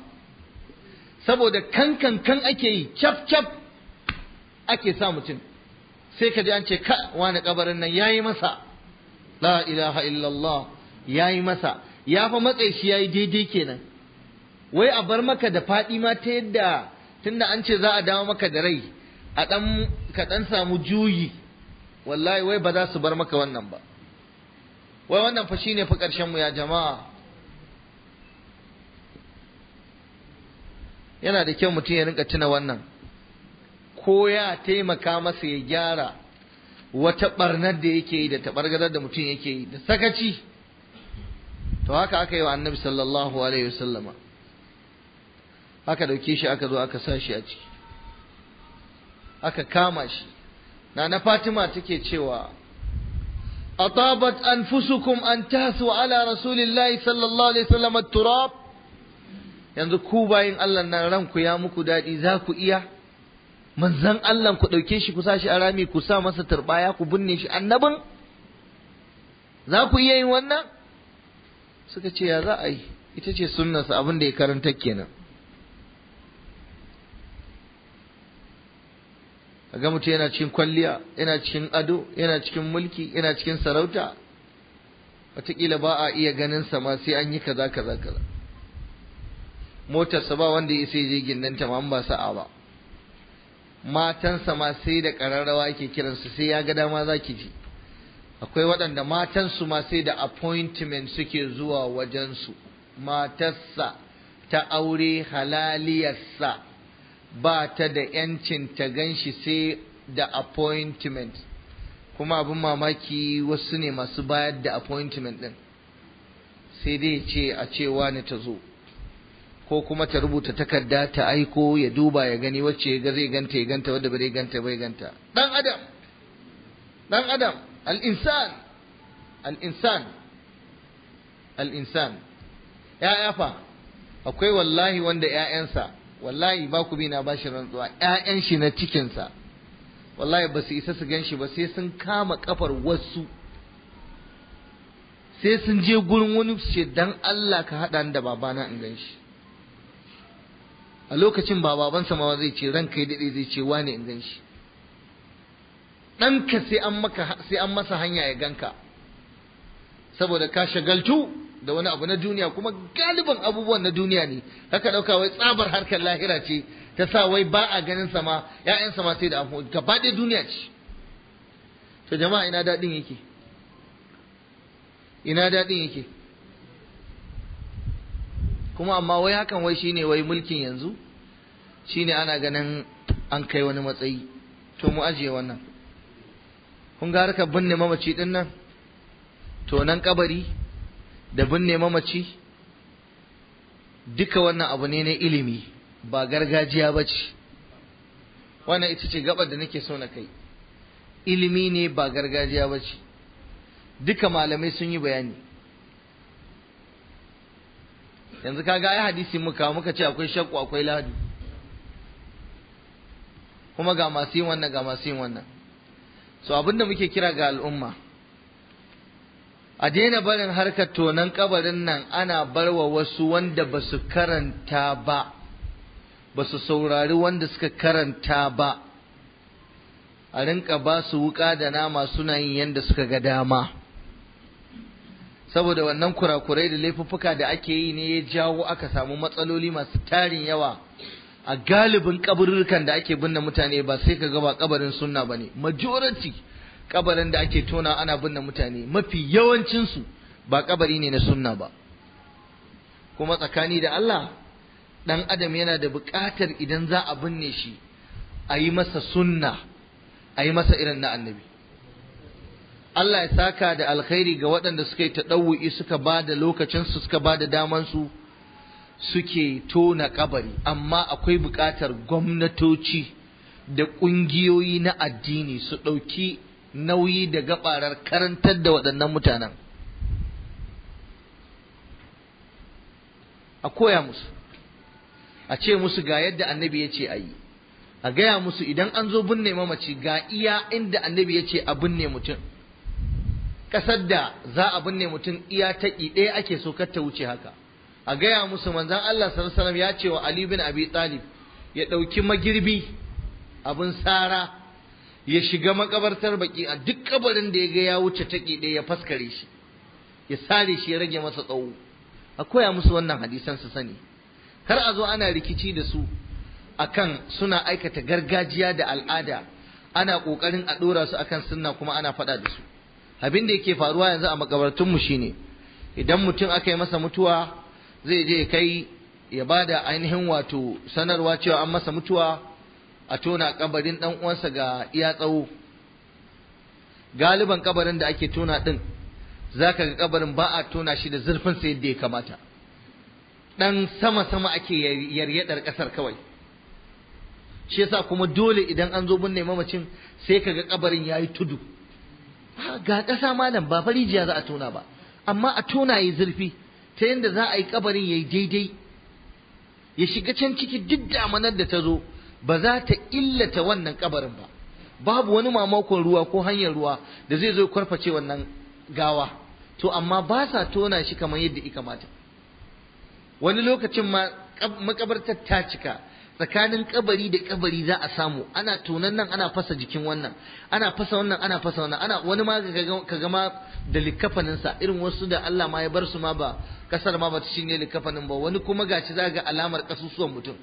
saboda kan kan kan ake yi cap cap ake sa mutum sai ka ji an ce ka wani kabarin nan yayi masa la ilaha illallah yayi masa ya fa matsayi shi yayi daidai kenan wai a bar maka da faɗi ma ta yadda tunda an ce za a dawo maka da rai a ka ɗan samu juyi wallahi wai ba za su bar maka wannan ba wai wannan fa shine fa ƙarshen mu ya jama'a yana da kyau mutum ya rinka tuna wannan ko ya taimaka masa ya gyara wata barnar da yake yi da tabargadar da mutum yake yi da sakaci to haka aka yi wa annabi sallallahu alaihi wasallama aka dauke shi aka zo aka sa shi a ciki aka kama shi nana fatima take cewa atabat anfusukum an tasu ala rasulillahi sallallahu alaihi wasallam turab yanzu ku bayin Allah nan ranku ya muku dadi za ku iya manzan Allah ku dauke shi ku sashi a rami ku sa masa turbaya ku binne shi annabin za ku iya yin wannan suka ce ya za a yi ita ce sunnarsa abin da ya karanta kenan ga mutum yana cikin kwalliya yana cikin ado yana cikin mulki yana cikin sarauta watakila ba a iya ganin sa ma sai an yi kaza kaza kaza motarsa ba wanda ya sai je gindanta ma ba sa'a ba matansa ma sai da ƙararrawa yake kiransu sai ya ga dama za ki ji akwai waɗanda su ma sai da appointment suke zuwa wajensu matarsa ta aure halaliyarsa ba ta da ‘yancin ta gan shi sai da appointment kuma abin mamaki wasu ne masu bayar da appointment ɗin sai dai ce a cewa ne ta zo ko kuma ta rubuta takarda ta aiko ya duba ya gani wacce ya zai ganta ya ganta wadda ba ganta bai ganta dan adam dan adam al-insan al-insan al-insan ya'ya fa akwai wallahi wanda 'ya'yansa wallahi ba ku bina na bashi rantsuwa ƴaƴan shi na cikinsa wallahi ba su isa su ganshi ba sai sun kama kafar wasu sai sun je gurin wani su ce dan Allah ka haɗa ni da babana in gan a lokacin ba babansa ma zai ce ranka ya daɗe zai ce wane in gan shi ɗanka sai an masa hanya ya ganka saboda ka shagaltu da wani abu na duniya kuma galiban abubuwan na duniya ne haka dauka wai tsabar harkar lahira ce ta sa wai ba a ganin sama ya'yan sama sai da abu gaba ɗaya duniya ce to jama'a ina daɗin yake ina daɗin yake kuma amma wai hakan wai shine wai mulkin yanzu shine ana ganin an kai wani matsayi to mu ajiye wannan kun ga harkar binne mamaci dinnan? nan to nan kabari da binne mamaci duka wannan abu ne na ilimi ba gargajiya ba ce wannan ita ce gabar da nake so na kai ilimi ne ba gargajiya ba ce duka malamai sun yi bayani yanzu kaga ai hadisi muka muka ce akwai shakku akwai ladu kuma ga masu yin wannan ga masu yin wannan so abinda muke kira ga al'umma a daina barin harkar tonon kabarin nan ana barwa wasu wanda ba su karanta ba ba su saurari wanda suka karanta ba a rinka ba su wuka da nama suna yin yadda suka ga dama saboda wannan kurakurai da laifuffuka da ake yi ne ya jawo aka samu matsaloli masu tarin yawa a galibin kaburrukan da ake binne mutane ba sai ka gaba ba kabarin sunna ne majority kabarin da ake tona ana binne mutane mafi yawancinsu ba kabari ne na sunna ba kuma tsakani da Allah dan adam yana da buƙatar idan za a binne shi a yi masa sunna a yi masa irin na annabi Allah ya saka da alkhairi ga waɗanda suka yi taɗawu'i suka ba da lokacinsu suka ba da su, suke tona kabari amma akwai buƙatar gwamnatoci da ƙungiyoyi na addini su ɗauki nauyi da gabarar karantar da waɗannan mutanen a koya musu a ce musu ga yadda annabi ya ce a yi a gaya musu idan an zo binne mamaci ga iya inda annabi ya ce a binne mutum ƙasar da za a binne mutum iya taƙi ɗaya ake so kar ta wuce haka a gaya musu manzan Allah sallallahu ya ce wa Ali bin Abi Talib ya ɗauki magirbi abin tsara ya shiga makabartar baki a duk kabarin da ya ga ya wuce take ɗaya ya faskare shi ya sare shi ya rage masa tsawo a koya musu wannan hadisan su sani kar a zo ana rikici da su akan suna aikata gargajiya da al'ada ana kokarin a dora su akan sunna kuma ana faɗa da su abin da yake faruwa yanzu a makabartun mu shine idan mutum aka yi masa mutuwa zai je kai ya bada ainihin wato sanarwa cewa an masa mutuwa a tona kabarin dan uwansa ga iya tsawo galiban kabarin da ake tona din zaka ga kabarin ba a tona shi da zurfin sa yadda ya kamata dan sama sama ake yaryadar ƙasar kawai shi yasa kuma dole idan an zo binne mamacin sai ka kaga kabarin yayi tudu ga kasa malam ba farijiya za a tona ba amma a tona yi zurfi ta yadda za a yi kabarin yayi daidai ya shiga can ciki duk damanar da ta zo ba za ta illata wannan kabarin ba babu wani mamakon ruwa ko hanyar ruwa da zai zo kwarface wannan gawa to amma ba sa tona shi kamar yadda ika mata wani lokacin ma makabartar ta cika tsakanin kabari da kabari za a samu ana tonan nan ana fasa jikin wannan ana fasa wannan ana fasa wannan ana wani ma ka gama da likafaninsa irin wasu da Allah ma ya bar su ma ba kasar ma ba ta shine likafanin ba wani kuma gaci za ga alamar kasusuwan mutum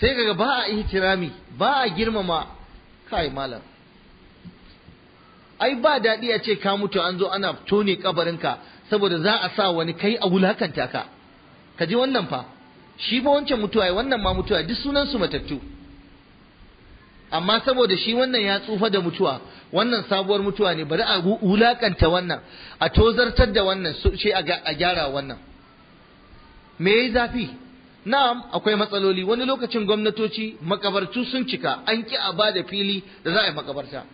sai kaga ba a ihtirami ba a girmama kai malam ai ba daɗi a ce ka mutu an zo ana tone kabarinka saboda za a sa wani kai a wulakanta ka ka ji wannan fa shi ba wancan mutuwa ya wannan ma mutuwa duk sunan su matattu amma saboda shi wannan ya tsufa da mutuwa wannan sabuwar mutuwa ne bari a wulakanta wannan a tozartar da wannan sai a gyara wannan me yayi zafi na'am akwai matsaloli wani lokacin gwamnatoci makabartu sun cika an ki a ba da fili da za a yi makabarta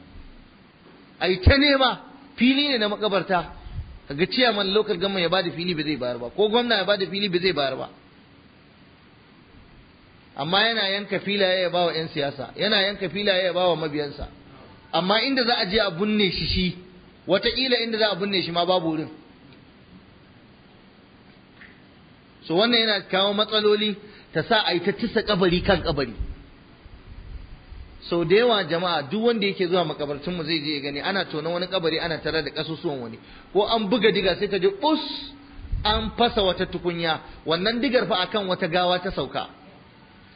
a yi ta nema fili ne na makabarta kaga ciyaman local gama ya ba da fili ba zai bayar ba ko gwamna ya ba da fili ba zai bayar ba amma yana yanka filaye ya ba wa 'yan siyasa yana yanka filaye ya ba wa mabiyansa amma inda za a je a binne shi shi wataƙila inda za a binne shi ma babu wurin so wannan yana kawo matsaloli ta sa a yi ta tisa kabari kan kabari sau da yawa jama'a duk wanda yake zuwa makabartun mu zai je ya gani ana tona wani kabari ana tare da kasusuwan wani ko an buga diga sai ka ji bus an fasa wata tukunya wannan digar fa akan wata gawa ta sauka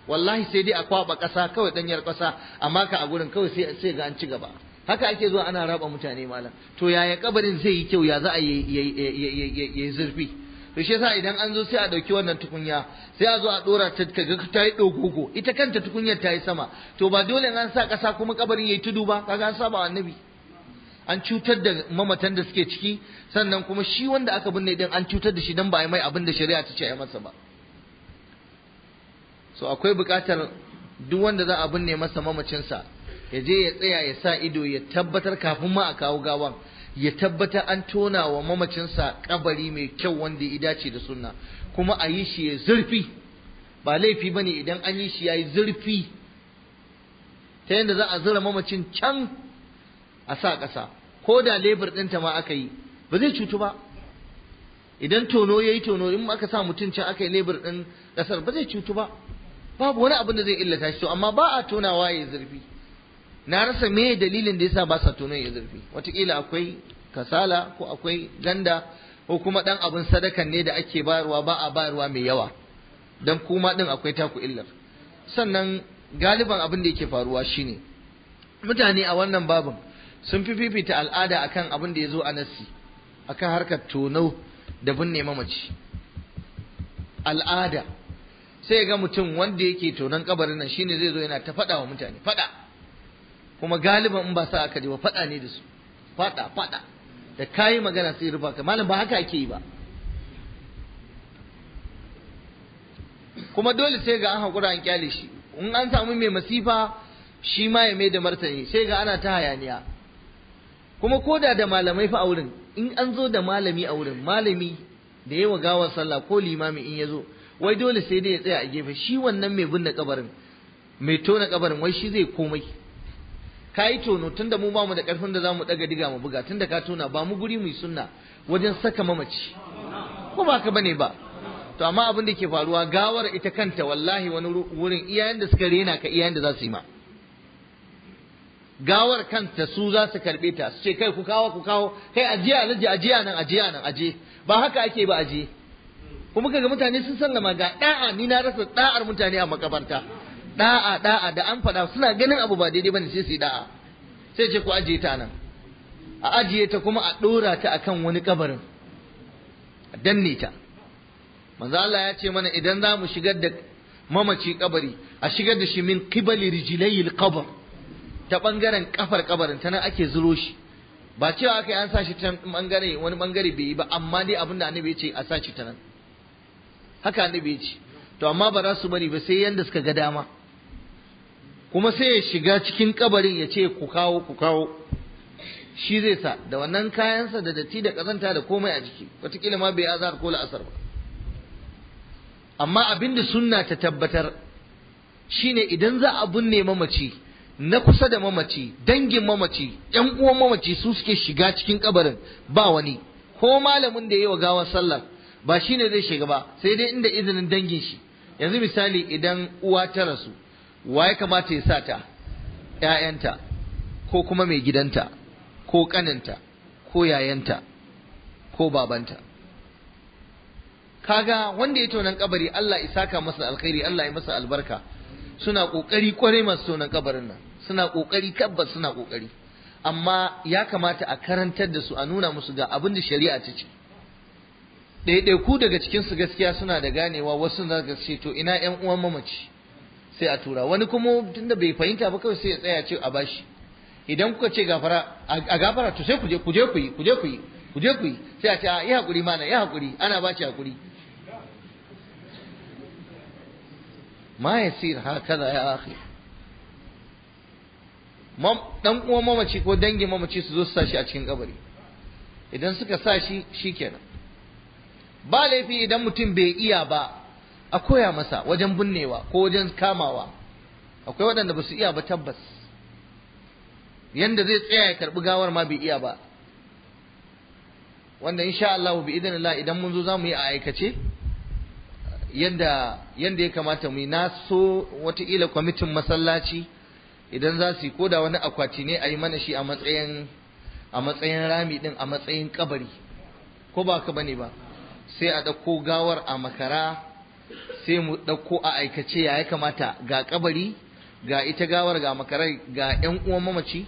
wallahi sai dai a kwaba kasa kawai danyar kasa amma ka a gurin kawai sai sai ga an ci gaba haka ake zuwa ana raba mutane malam to yaya kabarin zai yi kyau ya za a yi zurfi to shi yasa idan an zo sai a dauki wannan tukunya sai a zo a dora ta kaga ta yi dogogo ita kanta tukunyar ta yi sama to ba dole an sa kasa kuma kabarin yayi tudu ba kaga an saba annabi an cutar da mamatan da suke ciki sannan kuma shi wanda aka binne din an cutar da shi dan ba yi mai abin da shari'a ta ce ya masa ba so akwai bukatar duk wanda za a binne masa mamacinsa ya je ya tsaya ya sa ido ya tabbatar kafin ma a kawo gawan ya tabbata an tona wa mamacinsa kabari mai kyau wanda ya dace da suna. kuma a yi shi ya zurfi ba laifi ba ne idan an yi shi ya yi zurfi ta yadda za a zura mamacin can a sa ƙasa ko da lebur ɗinta ma aka yi ba zai cutu ba idan tono ya yi tono in aka sa mutum can aka yi lebur ɗin ƙasar ba zai cutu ba babu wani abin da zai illata shi to amma ba a tonawa ya yi zurfi na rasa me dalilin da yasa ba sa tono ya zurfi wataƙila akwai kasala ko akwai ganda ko kuma ɗan abin sadakan ne da ake bayarwa ba a bayarwa mai yawa don kuma ɗin akwai taku illar sannan galiban abin da yake faruwa shine mutane a wannan babin sun fi fifita al'ada akan abin da ya zo a nassi akan harkar tono da binne mamaci al'ada sai ga mutum wanda yake tonon kabarin nan shine zai zo yana ta faɗa wa mutane faɗa kuma galiban in ba sa aka je ba faɗa ne da su faɗa faɗa da kayi magana sai rufa ka malam ba haka ake yi ba kuma dole sai ga an haƙura an kyale shi in an samu mai masifa shi ma ya mai da martani sai ga ana ta hayaniya kuma koda da malamai fa a wurin in an zo da malami a wurin malami da yawa gawar sallah ko limami in ya zo wai dole sai dai ya tsaya a gefe shi wannan mai binne kabarin mai tona kabarin wai shi zai komai ka yi tono tunda mu bamu da karfin da za mu daga diga mu buga tunda ka tona ba mu guri mu yi sunna wajen saka mamaci ko ba ka bane ba to amma abin da ke faruwa gawar ita kanta wallahi wani wurin iyayen da suka rena ka iyayen da za su yi ma gawar kanta su za su karbe ta su ce kai ku kawo ku kawo kai ajiya alaji ajiya nan ajiya nan aje ba haka ake ba aje kuma kaga mutane sun sallama ga da'a ni na rasa da'ar mutane a makabarta da'a da'a da an faɗa suna ganin abu ba daidai bane sai su yi da'a sai ce ku ajiye ta nan a ajiye ta kuma a ɗora ta akan wani kabarin a danne ta manzo Allah ya ce mana idan za mu shigar da mamaci kabari a shigar da shi min qibali rijlayil qabr ta bangaren kafar kabarin ta nan ake zuro shi ba cewa aka yi an sashi ta bangare wani bangare bai yi ba amma dai abin da annabi ya ce a sashi ta nan haka annabi ya ce to amma ba za su bari ba sai yanda suka ga dama kuma sai ya shiga cikin kabarin ya ce ku kawo ku kawo shi zai sa da wannan kayansa da datti da kazanta da komai a jiki watakila ma bai azar ko la'asar ba amma abin da sunna ta tabbatar shine idan za a binne mamaci na kusa da mamaci dangin mamaci yan uwan mamaci su suke shiga cikin kabarin ba wani ko malamin da ya yi wa gawar sallar, ba shine zai shiga ba sai dai inda izinin dangin shi yanzu misali idan uwa ta rasu wa ya kamata ya sa ta ‘ya'yanta ko kuma mai gidanta ko ƙaninta ko yayanta ko babanta kaga wanda ya tonan kabari Allah ya saka masa alkhairi Allah ya masa albarka suna ƙoƙari kwarai masu tonan kabarin nan suna kokari tabbas suna kokari amma ya kamata a karantar da su a nuna musu ga abin da shari'a ta ce ɗaiɗaiku daga cikin su gaskiya suna da ganewa wasu na gaske to ina ƴan uwan mamaci sai a tura wani kuma tunda bai fahimta ba kawai sai ya tsaya ce a bashi idan kuka ce gafara a gafara to sai ku je ku je ku yi ku je ku yi ku je ku yi sai a ce a yi hakuri mana yi hakuri ana ba shi hakuri ma haka da ya akhi dan uwa mamaci ko dangin mamaci su zo su sa shi a cikin kabari idan suka sa shi shikenan ba laifi idan mutum bai iya ba a koya masa wajen binnewa ko wajen kamawa akwai waɗanda ba su iya ba tabbas yanda zai tsaya ya karɓi gawar ma bai iya ba wanda insha Allah bi Allah idan mun zo za mu yi a aikace yanda ya kamata mu yi na so wataƙila kwamitin masallaci idan za su yi koda wani akwati ne a yi mana shi a matsayin a matsayin rami ɗin a matsayin kabari ko ba ka bane ba sai a ɗauko gawar a makara sai mu ɗauko a aikace ya ya kamata ga kabari ga ita gawar ga makarai ga ‘yan uwan mamaci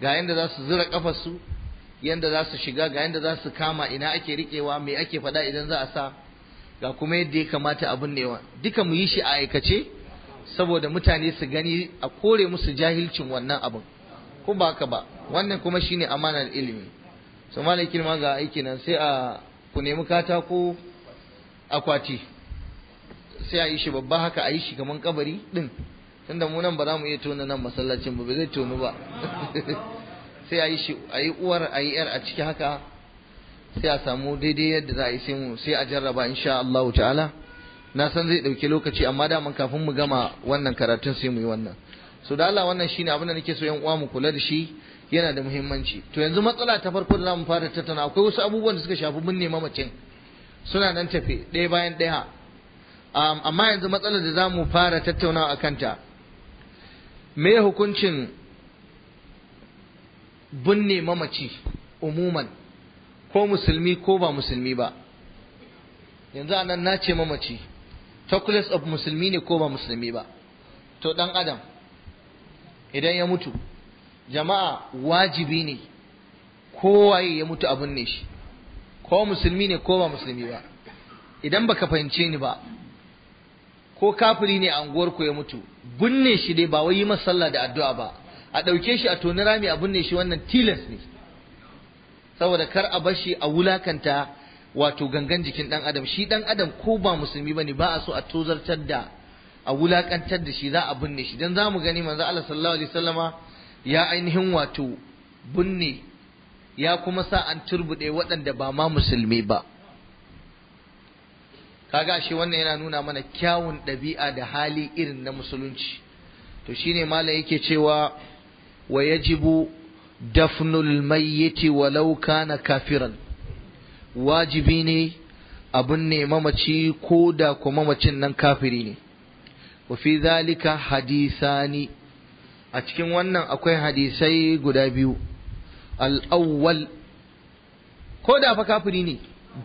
ga yadda za su zura kafarsu yadda za su shiga ga yadda za su kama ina ake riƙewa me ake faɗa idan za a sa ga kuma yadda ya kamata abin newa duka mu yi shi a aikace saboda mutane su gani a kore musu jahilcin wannan abin ko ba haka ba wannan kuma shine amanar ilimi so malai ga aiki nan sai a ku nemi katako akwati sai a yi shi babba haka a yi shi kaman kabari din tunda mu nan ba za mu iya tona nan masallacin ba ba zai tonu ba sai a yi shi a yi uwar a yi yar a ciki haka sai a samu daidai yadda za a yi sai mu sai a jarraba insha Allah ta'ala na san zai dauki lokaci amma da mun kafin mu gama wannan karatun sai mu yi wannan so da Allah wannan shine abin da nake so yan uwa mu kula da shi yana da muhimmanci to yanzu matsala ta farko da zamu fara tattauna akwai wasu abubuwan da suka shafi binne mace suna nan tafe ɗaya bayan ɗaya Um, amma yanzu matsalar da za mu fara tattaunawa a kanta me hukuncin binne mamaci umuman ko musulmi ko ba musulmi ba yanzu a nan nace mamaci talkless of musulmi ne ko ba musulmi ba to dan adam idan ya mutu jama'a wajibi ne kowaye ya mutu a ne shi ko musulmi ne ko ba musulmi ba idan baka fahimce ni ba ko kafiri ne a unguwar ku ya mutu binne shi dai ba wai yi masa sallah da addu'a ba a ɗauke shi a toni rami a binne shi wannan tilas ne saboda kar a bar shi a wulakanta wato gangan jikin ɗan adam shi ɗan adam ko ba musulmi bane ba a so a tozartar da a wulakantar da shi za a binne shi dan zamu gani manzo Allah sallallahu alaihi wasallama ya ainihin wato binne ya kuma sa an turbude waɗanda ba ma musulmi ba kaga shi wannan yana nuna mana kyawun ɗabi'a da hali irin na musulunci to shine malam yake cewa wa yajibu dafnul mayyiti lauka na kafiran wajibi ne abin ne mamaci ko da ku mamacin nan kafiri ne wa fi zalika hadisani a cikin wannan akwai hadisai guda biyu Al'awwal ko da fa kafiri ne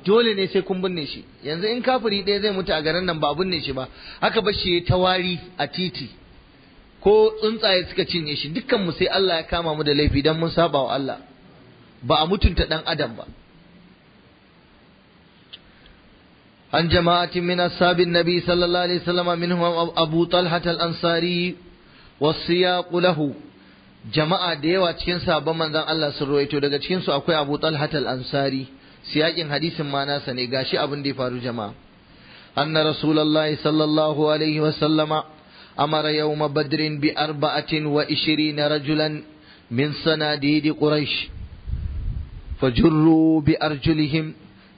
dole ne sai kun binne shi yanzu in kafiri ɗaya zai mutu a garin nan ba binne shi ba haka ba shi ta wari a titi ko tsuntsaye suka cinye shi dukkan mu sai Allah ya kama mu da laifi dan mun saba wa Allah ba a mutunta dan adam ba an jama'atin min ashabin nabi sallallahu alaihi wasallam minhum abu talha al-ansari wasiyaq lahu jama'a da yawa cikin sabon manzon Allah sun ruwaito daga cikin su akwai abu talha ansari siyakin hadisin ma nasa ne gashi abin da ya faru jama'a anna rasulullahi sallallahu alaihi wa sallama amara yawma badrin bi arba'atin wa ishirina rajulan min sanadidi quraish فجروا بأرجلهم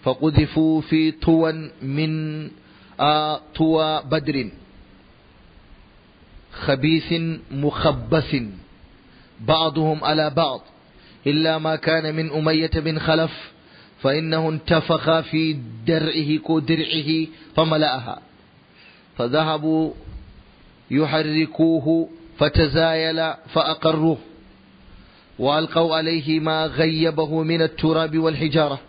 فقذفوا في طوى من آه طوى بدر خبيث مخبث بعضهم على بعض إلا ما كان من أمية بن خلف فإنه انتفخ في درعه كدرعه فملأها فذهبوا يحركوه فتزايل فأقروه وألقوا عليه ما غيبه من التراب والحجارة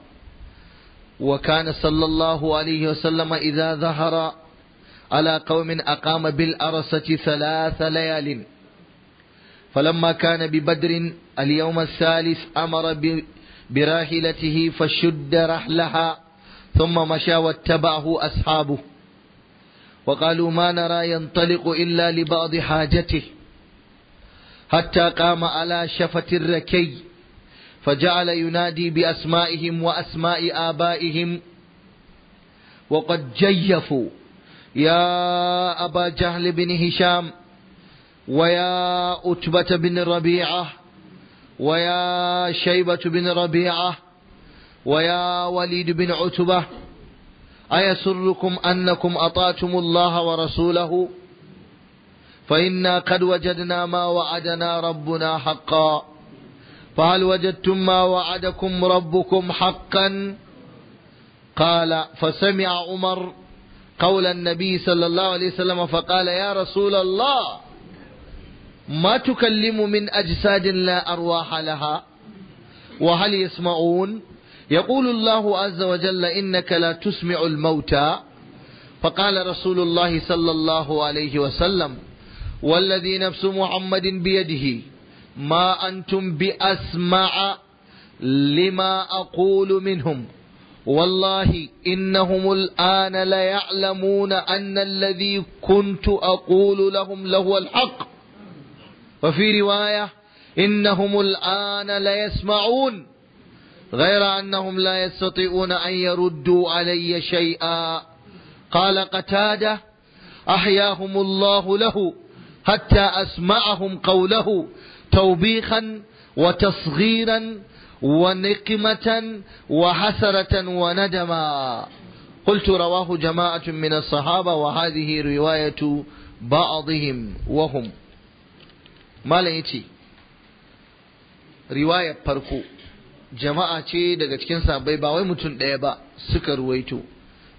وكان صلى الله عليه وسلم إذا ظهر على قوم أقام بالأرصة ثلاث ليال فلما كان ببدر اليوم الثالث أمر براحلته فشد رحلها ثم مشى واتبعه أصحابه وقالوا ما نرى ينطلق إلا لبعض حاجته حتى قام على شفة الركي فجعل ينادي بأسمائهم وأسماء آبائهم وقد جيفوا يا أبا جهل بن هشام ويا أتبة بن ربيعة ويا شيبة بن ربيعة ويا وليد بن عتبة أيسركم أنكم أطعتم الله ورسوله فإنا قد وجدنا ما وعدنا ربنا حقا فهل وجدتم ما وعدكم ربكم حقا قال فسمع عمر قول النبي صلى الله عليه وسلم فقال يا رسول الله ما تكلم من أجساد لا أرواح لها وهل يسمعون يقول الله عز وجل إنك لا تسمع الموتى فقال رسول الله صلى الله عليه وسلم والذي نفس محمد بيده ما أنتم بأسمع لما أقول منهم والله إنهم الآن ليعلمون أن الذي كنت أقول لهم لهو الحق وفي رواية إنهم الآن ليسمعون غير أنهم لا يستطيعون أن يردوا علي شيئا قال قتادة أحياهم الله له حتى أسمعهم قوله توبيخا وتصغيرا ونقمة وحسرة وندما قلت رواه جماعة من الصحابة وهذه رواية بعضهم وهم malam ya ce farko jama'a ce daga cikin sabai ba wai mutum ɗaya ba suka ruwaito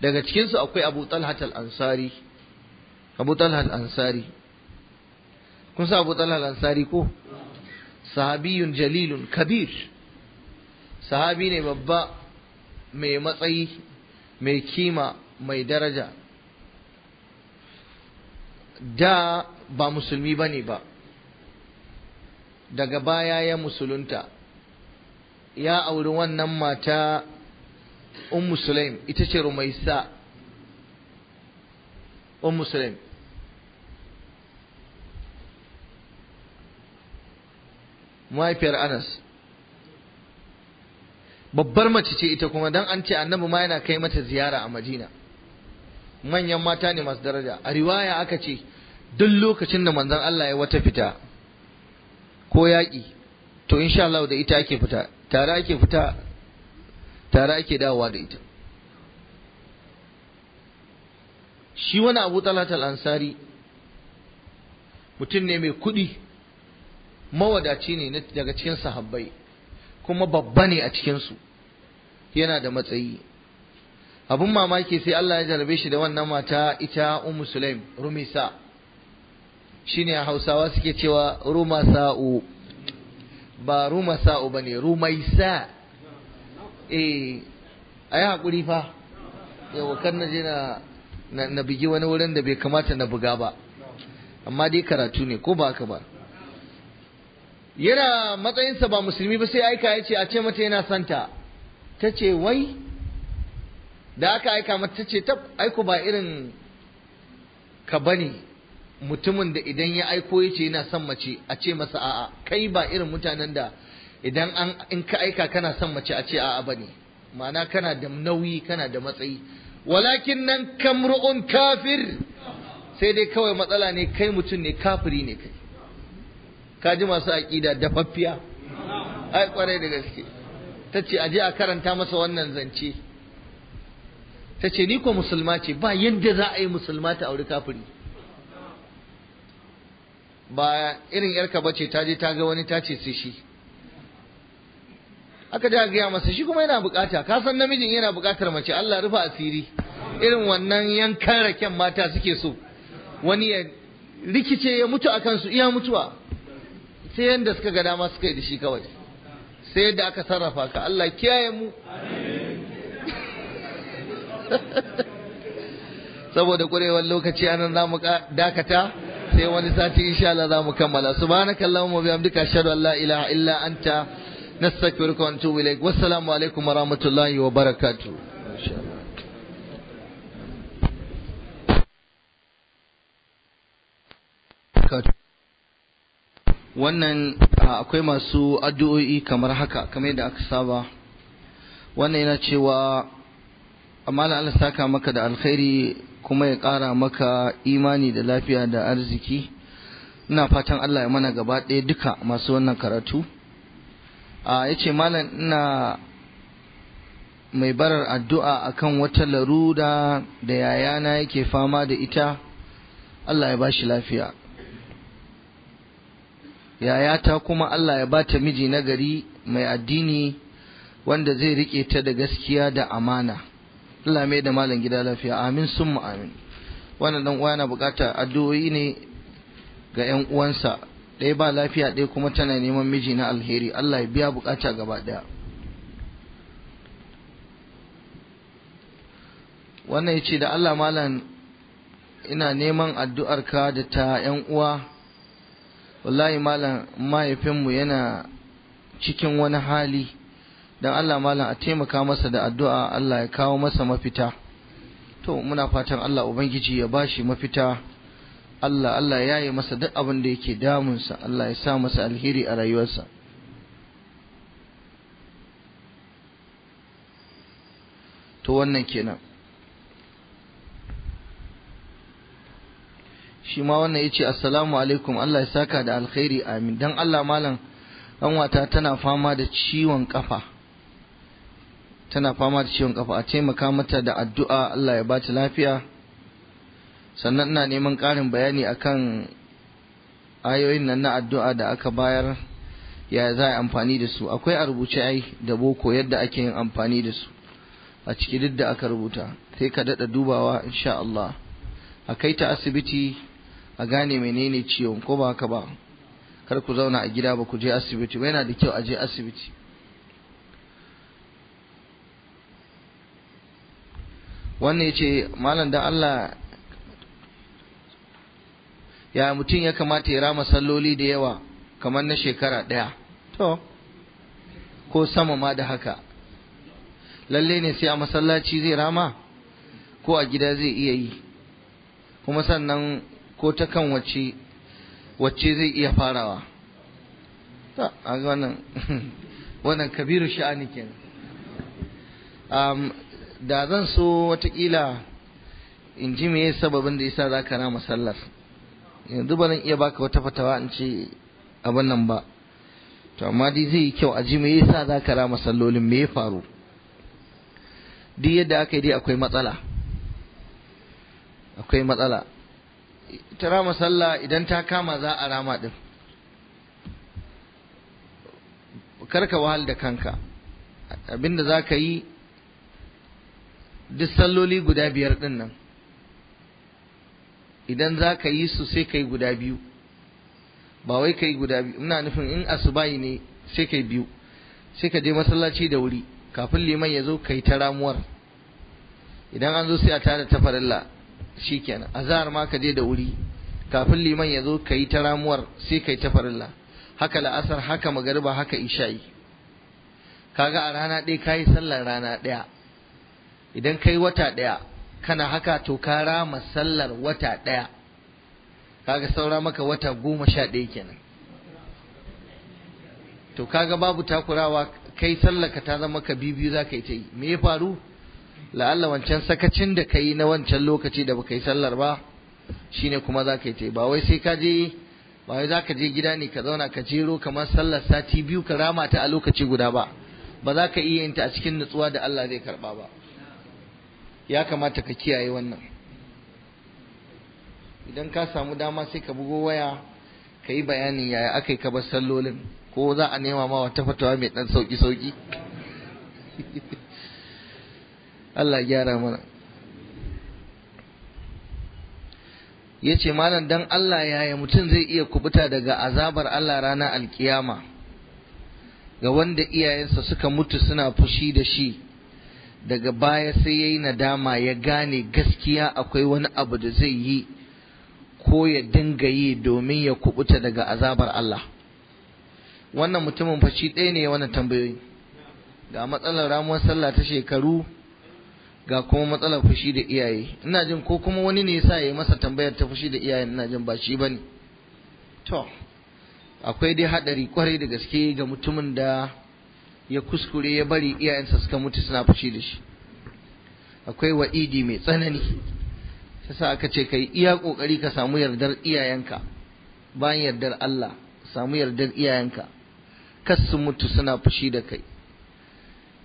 daga cikinsu akwai abu talhat ansari abu ansari kun sa abu talhat ansari ko sahabiyun jalilun kabir sahabi ne babba mai matsayi mai kima mai daraja da ba musulmi ba ba daga baya ya musulunta ya auri wannan mata ummu sulaim ita ce rumaisa ummu sulaim mahaifiyar anas babbar mace ce ita kuma don an ce annabi ma yana kai mata ziyara a madina manyan mata ne masu daraja a riwaya aka ce duk lokacin da manzon Allah ya wata fita ko yaƙi to insha Allah da ita ake fita tare ake fita tare ake dawowa da ita shi wani abu talatal ansari mutum ne mai kuɗi mawadaci ne daga cikin sahabbai kuma babba ne a cikinsu yana da matsayi abin mamaki sai Allah ya jarabe shi da wannan mata ita Ummu Sulaim Rumisa shine hausawa suke cewa ruma sa'u ba ruma sa'u ba ne rumaisa e eh, a yi haƙuri fa yau kan na je na bugi wani wurin da bai kamata na buga ba amma dai karatu ne ko ba ka ba yana matsayinsa ba musulmi ba sai aika ya ce a ce mata yana santa ta ce wai da aka aika mata ta ce tab aiko ba irin ka bane mutumin da idan ya aiko ya ce yana son mace a ce masa a'a kai ba irin mutanen da idan an in ka aika kana son mace a ce a'a bane ma'ana kana da nauyi kana da matsayi walakin nan kamru'un kafir sai dai kawai matsala ne kai mutum ne kafiri ne kai ka ji masu aƙida dafaffiya ai kwarai da gaske ta ce je a karanta masa wannan zance ta ce ni ko musulma ce ba yadda za a yi musulma ta auri kafiri ba irin yarka bace ta je ta ga wani ta ce sai shi aka ja gaya masa shi kuma yana bukata ka san namijin yana bukatar mace Allah rufa asiri irin wannan yankan raken mata suke so wani ya rikice ya mutu akan su iya mutuwa sai yanda suka ga dama suka yi da shi kawai sai yadda aka sarrafa ka Allah kiyaye mu saboda kurewar lokaci anan za mu dakata sai wani sati insha Allah za mu kammala subhanakallahumma wa bihamdika ashhadu an la ilaha illa anta nastaghfiruka wa atubu ilaik wassalamu alaikum wa rahmatullahi wa barakatuh wannan akwai masu addu'o'i kamar haka kamar yadda aka saba wannan yana cewa amma Allah saka maka da alkhairi kuma ya ƙara maka imani da lafiya da arziki ina fatan Allah ya mana gaba ɗaya duka masu wannan karatu a ya ce malam ina mai barar addu'a akan wata larura da yayana yake fama da ita Allah ya ba shi lafiya yayata kuma Allah ya ba ta miji nagari mai addini wanda zai riƙe ta da gaskiya da amana Allah mai da malam gida lafiya amin sun mu amin wannan dan uwa yana bukata addu'o'i ne ga yan uwansa ɗaya ba lafiya ɗaya kuma tana neman miji na alheri Allah ya biya bukata gaba ɗaya wannan ya ce da Allah malam ina neman addu'arka da ta yan uwa wallahi malam mahaifinmu yana cikin wani hali dan Allah malam a taimaka masa da addu'a Allah ya kawo masa mafita to muna fatan Allah ubangiji ya bashi mafita Allah Allah ya yi masa duk abin da yake damunsa Allah ya sa masa alheri a rayuwarsa to wannan kenan shi ma wannan ya ce assalamu alaikum Allah ya saka da alkhairi amin dan Allah malam an wata tana fama da ciwon kafa tana fama da ciwon kafa a taimaka mata da addu'a Allah ya bata lafiya sannan ina neman ƙarin bayani akan ayoyin nan na addu'a da aka bayar ya za a amfani da su akwai a rubuce ai da boko yadda ake yin amfani da su a ciki duk da aka rubuta sai ka daɗa dubawa insha Allah a kai ta asibiti a gane menene ciwon ko ba haka ba kar ku zauna a gida ba ku je asibiti ba yana da kyau a je asibiti wannan ya ce malam da Allah ya mutum ya kamata ya rama salloli da yawa kamar na shekara ɗaya to ko sama ma da haka lalle ne sai a masallaci zai rama ko a gida zai iya yi kuma sannan ko ta kan wacce wacce zai iya farawa ta a wannan wannan kabiru sha'ani da zan so watakila in ji me sababin da yasa za ka rama sallar yanzu ba zan iya baka wata fatawa in ce abin nan ba to amma dai zai yi kyau a ji me yasa za ka rama sallolin me ya faru duk yadda aka yi dai akwai matsala akwai matsala ta rama sallah idan ta kama za a rama din karka wahal da kanka abinda za ka yi duk salloli guda biyar ɗin nan idan za ka yi su sai ka yi guda biyu ba wai ka yi guda biyu ina nufin in asubai ne sai ka yi biyu sai ka je masallaci da wuri kafin liman ya zo ka yi ta ramuwar idan an zo sai a tada tafarilla a azhar ma ka je da wuri kafin liman ya zo ka yi ta ramuwar sai ka yi farilla haka la'asar haka magariba haka isha'i kaga a rana ɗaya ka yi sallar rana ɗaya idan kai wata ɗaya kana haka to ka rama sallar wata ɗaya kaga saura maka wata goma sha ɗaya kenan to kaga babu takurawa kai sallaka ta zama ka biyu za ka yi ta yi me ya faru la'alla wancan sakacin da ka yi na wancan lokaci da baka yi sallar ba shine kuma za ka yi ta yi ba wai sai ka je ba wai za ka je gida ne ka zauna ka jero kamar sallar sati biyu ka rama ta a lokaci guda ba ba za ka iya yin ta a cikin nutsuwa da Allah zai karba ba ya kamata ka kiyaye wannan idan ka samu dama sai ka bugo waya ka yi bayanin yaya aka yi ka bar sallolin ko za a nema ma wata fatawa mai dan sauki sauki Allah gyara mana ya ce malam dan Allah yaya mutum zai iya kubuta daga azabar Allah ranar alkiyama ga wanda iyayensa suka mutu suna fushi da shi daga baya sai ya yi nadama ya gane gaskiya akwai wani abu da zai yi ko ya dinga yi domin ya kubuta daga azabar Allah wannan mutumin fashi ɗaya ne wannan tambayoyi ga matsalar ramuwar sallah ta shekaru ga kuma matsalar fushi da iyaye ina jin ko kuma wani ne yasa yayi masa tambayar ta fushi da iyaye ina jin ba shi bane to akwai dai haɗari kwarai da gaske ga mutumin da ya kuskure ya bari iyayensa suka mutu suna fushi da shi akwai wa'idi mai tsanani sa aka ce kai iya kokari ka samu yardar iyayenka bayan yardar Allah samu yardar iyayenka kas sun mutu suna fushi da kai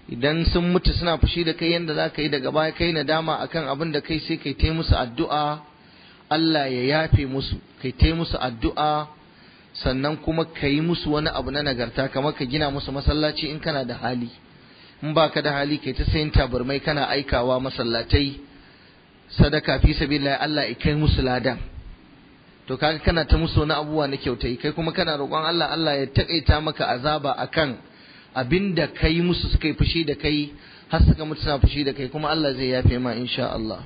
idan sun mutu suna fushi da kai yadda za ka yi daga baya kai nadama akan abin da kai sai kai taimusu addu'a Allah ya yafe musu kai taimusu addu'a sannan kuma ka yi musu wani abu na nagarta kamar ka gina musu masallaci in kana da hali in ba ka da hali kai ta sayin tabarmai kana aikawa masallatai sadaka fi sabilillah Allah ya kai musu ladan to kaga kana ta musu wani abubuwa na kyauta kai kuma kana roƙon Allah Allah ya takaita maka azaba akan abinda kai musu suka yi fushi da kai har suka mutu suna fushi da kai kuma Allah zai yafe ma insha Allah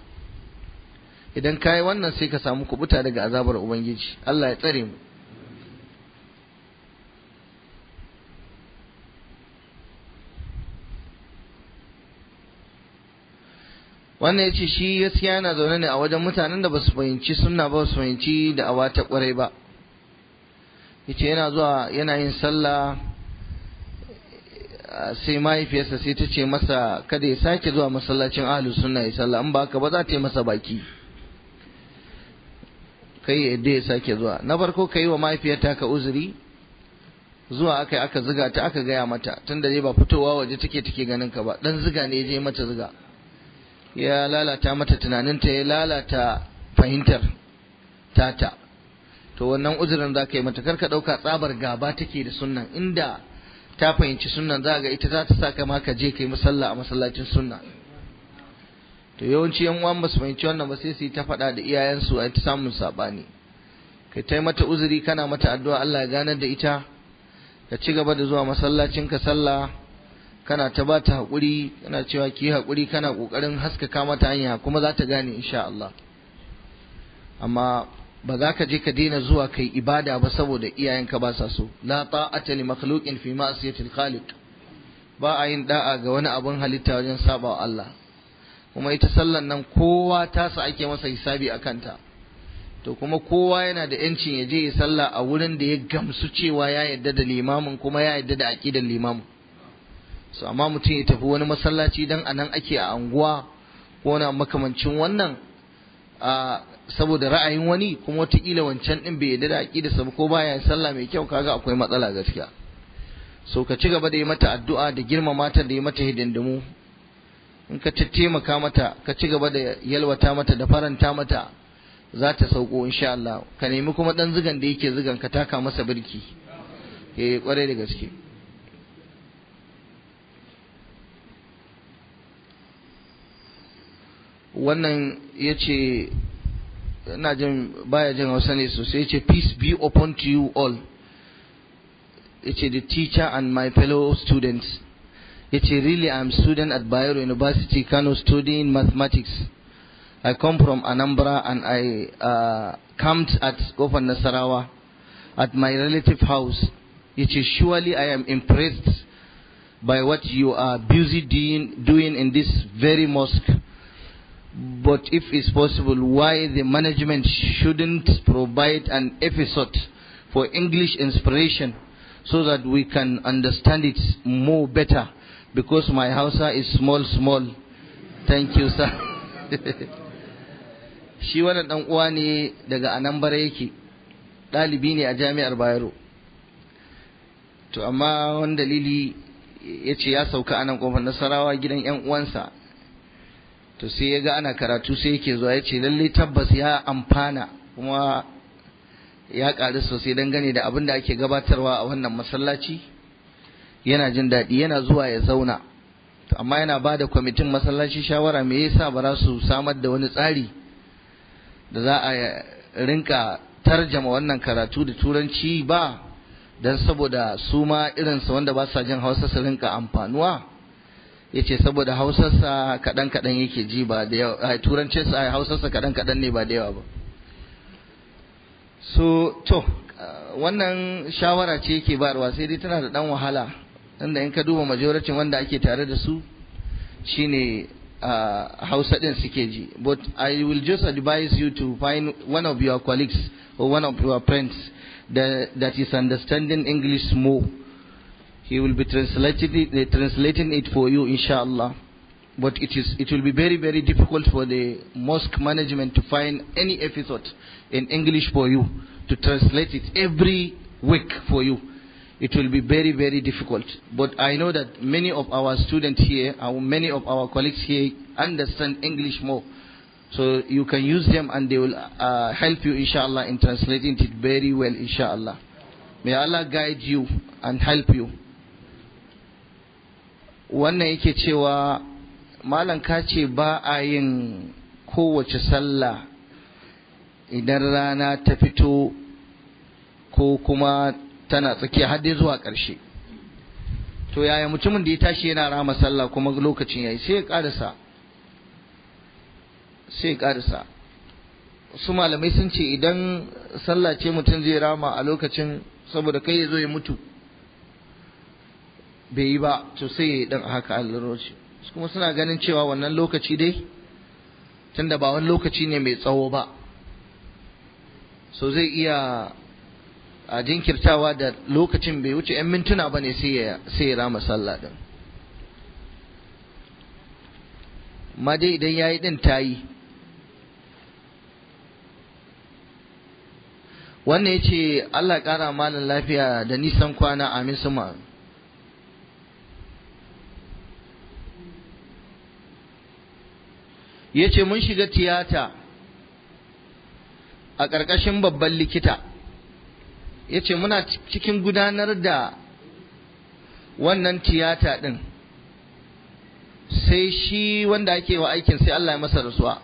idan yi wannan sai ka samu kubuta daga azabar ubangiji Allah ya tsare mu wannan ya ce shi gaskiya yana zaune ne a wajen mutanen da ba su fahimci suna ba su fahimci da awa ta kwarai ba ya ce yana zuwa yana yin sallah sai mahaifiyarsa sai ta ce masa kada ya sake zuwa masallacin ahalus sunna ya sallah in ba ka ba za ta yi masa baki kai ya yadda ya sake zuwa na farko ka yi wa mahaifiyarta ka uzuri zuwa aka aka ziga ta aka gaya mata tunda dai ba fitowa waje take take ganin ka ba dan ziga ne ya je mata ziga ya lalata mata tunaninta ya lalata fahimtar tata to wannan uzurin za ka yi mata karka ɗauka tsabar gaba take da sunnan inda ta fahimci sunnan za ga ita za ta sa kama ka je ka yi musalla a masallacin sunna to yawanci yan uwan ba su fahimci wannan ba sai su yi ta faɗa da iyayensu a ta samun saɓani kai ta mata uzuri kana mata addu'a Allah ya ganar da ita ka ci gaba da zuwa masallacin ka sallah kana ta ba ta haƙuri kana cewa ki haƙuri kana ƙoƙarin haskaka mata hanya kuma za ta gane insha Allah amma ba za ka je ka daina zuwa kai ibada ba saboda iyayenka ba sa so la ta'ata li makhluqin fi al khaliq ba a yin da'a ga wani abun halitta wajen saba wa Allah kuma ita sallan nan kowa tasa ake masa hisabi a kanta to kuma kowa yana da yancin ya je ya salla a wurin da ya gamsu cewa ya yadda da limamin kuma ya yadda da aqidar limamin su amma mutum ya tafi wani masallaci don a nan ake a anguwa ko na makamancin wannan a saboda ra'ayin wani kuma wataƙila wancan ɗin bai yarda da aƙidarsa ba ko baya sallah mai kyau kaga akwai matsala gaskiya so ka ci gaba da yi mata addu'a da girmama ta da yi mata hidindimu in ka taimaka mata ka ci gaba da yalwata mata da faranta mata za ta sauko insha Allah ka nemi kuma ɗan zigan da yake zigan ka taka masa birki eh kwarai da gaske wannan ya ce ina jin baya jin hausa ne sosai ya ce peace be upon to you all ya ce the teacher and my fellow students ya ce really I'm student at Bayero University Kano studying mathematics I come from Anambra and I uh, camped at Gofan Nasarawa at my relative house ya ce surely I am impressed by what you are busy doing, doing in this very mosque But if it's possible, why the management shouldn't provide an episode for English inspiration so that we can understand it more better? Because my Hausa is small, small. Thank you, sir. Shi wannan ɗan uwa ne daga Anambra yake, ɗalibi ne a jami'ar Bayero. To, amma wani dalili ya ce ya sauka a nan ƙofar Nasarawa gidan 'yan uwansa to sai ya ga ana karatu sai yake zuwa ya ce lalle tabbas ya amfana kuma ya ƙaru sosai dangane da abin da ake gabatarwa a wannan masallaci yana jin daɗi yana zuwa ya zauna amma yana ba da kwamitin masallaci shawara me yasa ba za su samar da wani tsari da za a rinka tarjama wannan karatu da turanci ba don saboda su ma irinsa wanda ba sa jin hausa su rinka amfanuwa ya ce saboda hausarsa kaɗan-kaɗan yake ji ba da yawa a su a hausarsa kaɗan-kaɗan ne ba da yawa ba so to wannan shawara ce yake barwa sai dai tana da ɗan wahala inda in ka duba majoracin wanda ake tare da su shine hausa ɗin suke ji but I will just advise you to find one of your colleagues or one of your friends that, that is understanding English more He will be eh, translating it for you, inshallah. But it is it will be very very difficult for the mosque management to find any episode in English for you to translate it every week for you. It will be very very difficult. But I know that many of our students here, and many of our colleagues here, understand English more. So you can use them and they will uh, help you, inshallah, in translating it very well, inshallah. May Allah guide you and help you. wannan yake cewa malam ka ce ba a yin kowace sallah idan rana ta fito ko kuma tana tsakiya har dai zuwa ƙarshe to yaya mutumin da ya tashi yana rama sallah kuma lokacin yayi sai ya ƙarasa sai ya ƙarasa su malamai sun ce idan sallah ce mutum zai rama a lokacin saboda kai ya zo ya mutu bai yi ba to sai ya dan ɗan haka alluroci kuma suna ganin cewa wannan lokaci dai tunda ba wani lokaci ne mai tsawo ba so zai iya a jinkirtawa da lokacin bai wuce 'yan mintuna ba ne sai ya rama sallah ɗin ma dai idan ya yi din ta yi wannan ya ce allah ƙara malin lafiya da nisan kwana amin ya ce mun shiga tiyata a ƙarƙashin babban likita ya ce muna cikin gudanar da wannan tiyata ɗin sai shi wanda ake wa aikin sai Allah ya masa rasuwa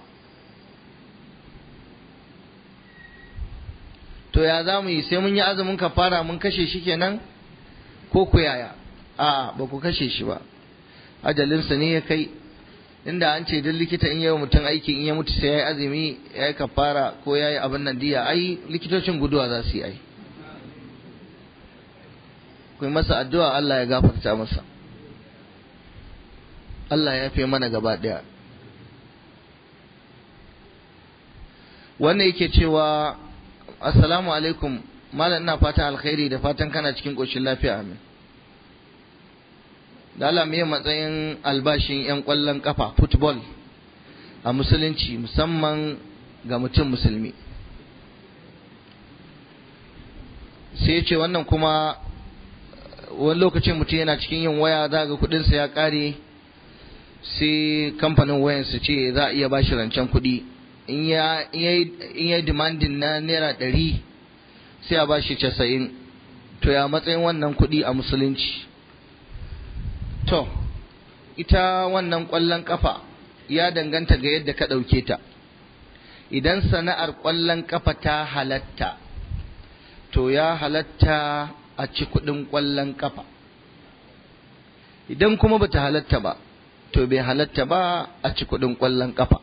to ya za mu yi sai mun yi azumin kafara mun kashe shi kenan ko ku yaya a ba ku kashe shi ba ajalinsa ne ya kai inda an ce duk likita in yawa mutum aiki in ya mutu sai ya yi azumi ya yi kafara ko ya yi abin nan diya ai likitocin guduwa za su yi ai ku masa addu'a Allah ya gafarta masa Allah ya fi mana gaba ɗaya wannan yake cewa assalamu alaikum malam ina fata alkhairi da fatan kana cikin ƙoshin lafiya amin Lala mai matsayin albashin 'yan ƙwallon kafa football a musulunci musamman ga mutum musulmi. Sai ce wannan kuma wani lokacin mutum yana cikin yin waya za ga kudinsa ya ƙare sai kamfanin wayansa ce za a iya bashi rancen kuɗi in ya yi dimandin na naira ɗari sai a bashi casa'in to ya matsayin wannan kuɗi a musulunci. to ita wannan ƙwallon ƙafa ya danganta ga yadda ka ɗauke ta idan sana'ar ƙwallon ƙafa ta halatta to ya halatta a ci kuɗin ƙwallon ƙafa idan kuma bata halatta ba to bai halatta ba a ci kuɗin ƙwallon ƙafa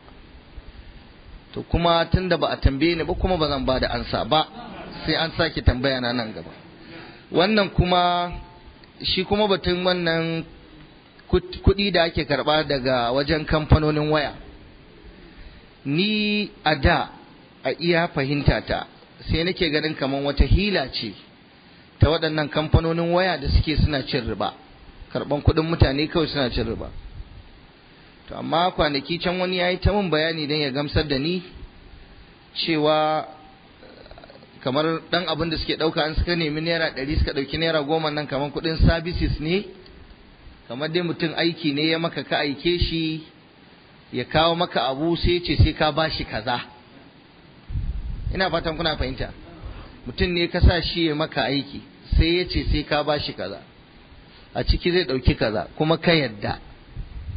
to kuma tunda ba a tambaye ni ba kuma ba zan ba da ansa ba sai an sake tambaya na nan gaba wannan kuma shi kuma batun wannan kuɗi da ake karɓa daga wajen kamfanonin waya ni a da a iya fahimta ta sai nake ganin kamar wata hila ce ta waɗannan kamfanonin waya da suke suna cin riba karɓan kuɗin mutane kawai suna cin riba to amma kwanaki can wani ya yi ta min bayani don ya gamsar da ni cewa kamar ɗan abin da suke ɗauka an suka nemi naira ɗari suka ɗauki naira goma nan kamar kuɗin sabisis ne kamar dai mutum aiki ne ya maka ka aike shi ya kawo maka abu sai ce sai ka ba shi kaza ina fatan kuna fahimta mutum ne ka sa shi ya maka aiki sai ya ce sai ka ba shi kaza a ciki zai ɗauki kaza kuma ka yadda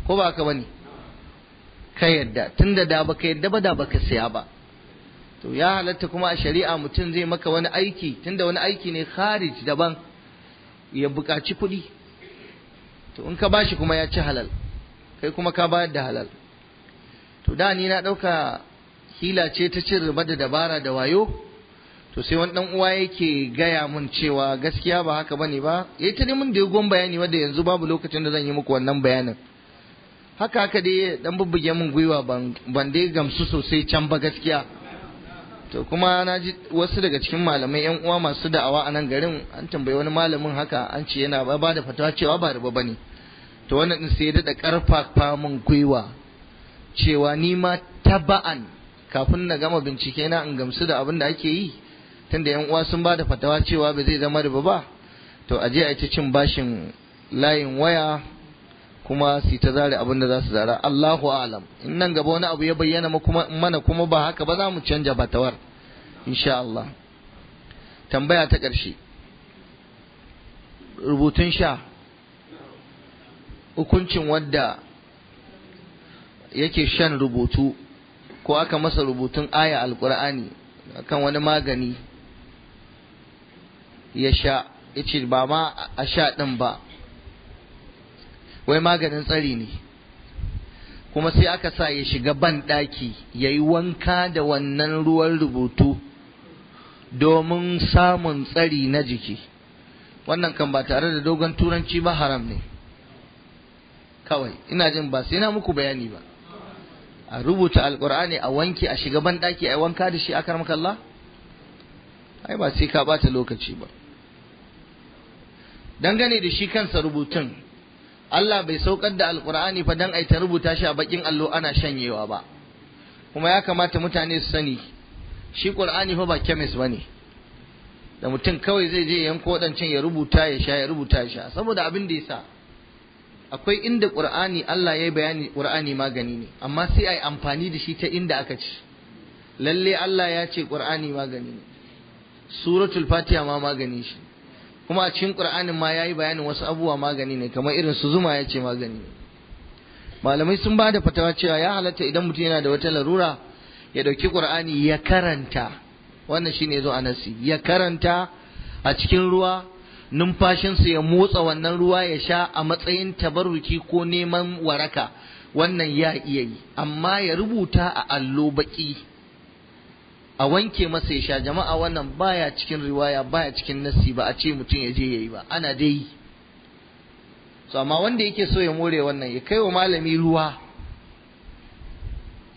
ko ba ka bane ka yadda tun da baka yadda ba da baka saya ba to ya halatta kuma a shari'a mutum zai maka wani aiki tun da wani aiki ne kharij daban ya buƙaci kuɗi to in ka bashi kuma ya ci halal kai kuma ka bayar da halal to da ni na ɗauka hila ce ta cin riba da dabara da wayo to sai wani ɗan uwa yake gaya mun cewa gaskiya ba haka bane ba yayi ta da gon bayani wanda yanzu babu lokacin da zan yi muku wannan bayanin haka haka dai dan bubbuge mun gwiwa ban dai gamsu sosai can ba gaskiya to kuma na ji wasu daga cikin malamai yan uwa masu da'awa a nan garin an tambayi wani malamin haka an ce yana ba da fatawa cewa ba riba bane to wannan din sai ya dada karfafa mun gwiwa cewa ni ma taba'an kafin na gama bincike na in gamsu da abin da ake yi tunda yan uwa sun ba da fatawa cewa ba zai zama riba ba to aje a ta cin bashin layin waya kuma su ta zare abin da za su zara Allahu alam in nan gaba wani abu ya bayyana mana kuma ba haka ba za mu canja batawar insha Allah tambaya ta ƙarshe rubutun sha hukuncin wadda yake shan rubutu ko aka masa rubutun aya alkur'ani kan wani magani ya sha ya ce ba ma a sha ɗin ba wai maganin tsari ne kuma sai aka sa ya shiga banɗaki ya yi wanka da wannan ruwan rubutu domin samun tsari na jiki wannan kan ba tare da dogon turanci ba haram ne kawai ina jin ba sai na muku bayani ba a rubuta alkur'ani a wanke a shiga ban a a wanka da shi a karmakalla ai ba sai ka bata lokaci ba dangane da shi kansa rubutun Allah bai saukar da alkur'ani fa dan ai ta rubuta shi a bakin allo ana shanyewa ba kuma ya kamata mutane su sani shi qur'ani fa ba kemis bane da mutum kawai zai je yanko wadancan ya rubuta ya sha ya rubuta ya sha saboda abin da yasa akwai inda qur'ani Allah ya bayani qur'ani magani ne amma sai ai amfani da shi ta inda aka ci lalle Allah ya ce qur'ani magani ne suratul fatiha ma magani shi kuma a cikin qur'anin ma ya yi bayanin wasu abubuwa magani ne kamar irin su zuma ya ce magani malamai sun ba da fatawa cewa ya halatta idan mutum yana da wata larura ya ɗauki ƙur'ani ya karanta wannan shi ne zo a nasi ya karanta a cikin ruwa numfashinsu ya motsa wannan ruwa ya sha a matsayin tabarruki ko neman waraka wannan ya iya yi amma ya rubuta a allo baƙi. a wanke masa ya sha jama'a wannan baya cikin riwaya baya cikin nassi ba a ce mutum ya je yayi ba ana dai yi so amma wanda yake so ya more wannan ya kai wa malami ruwa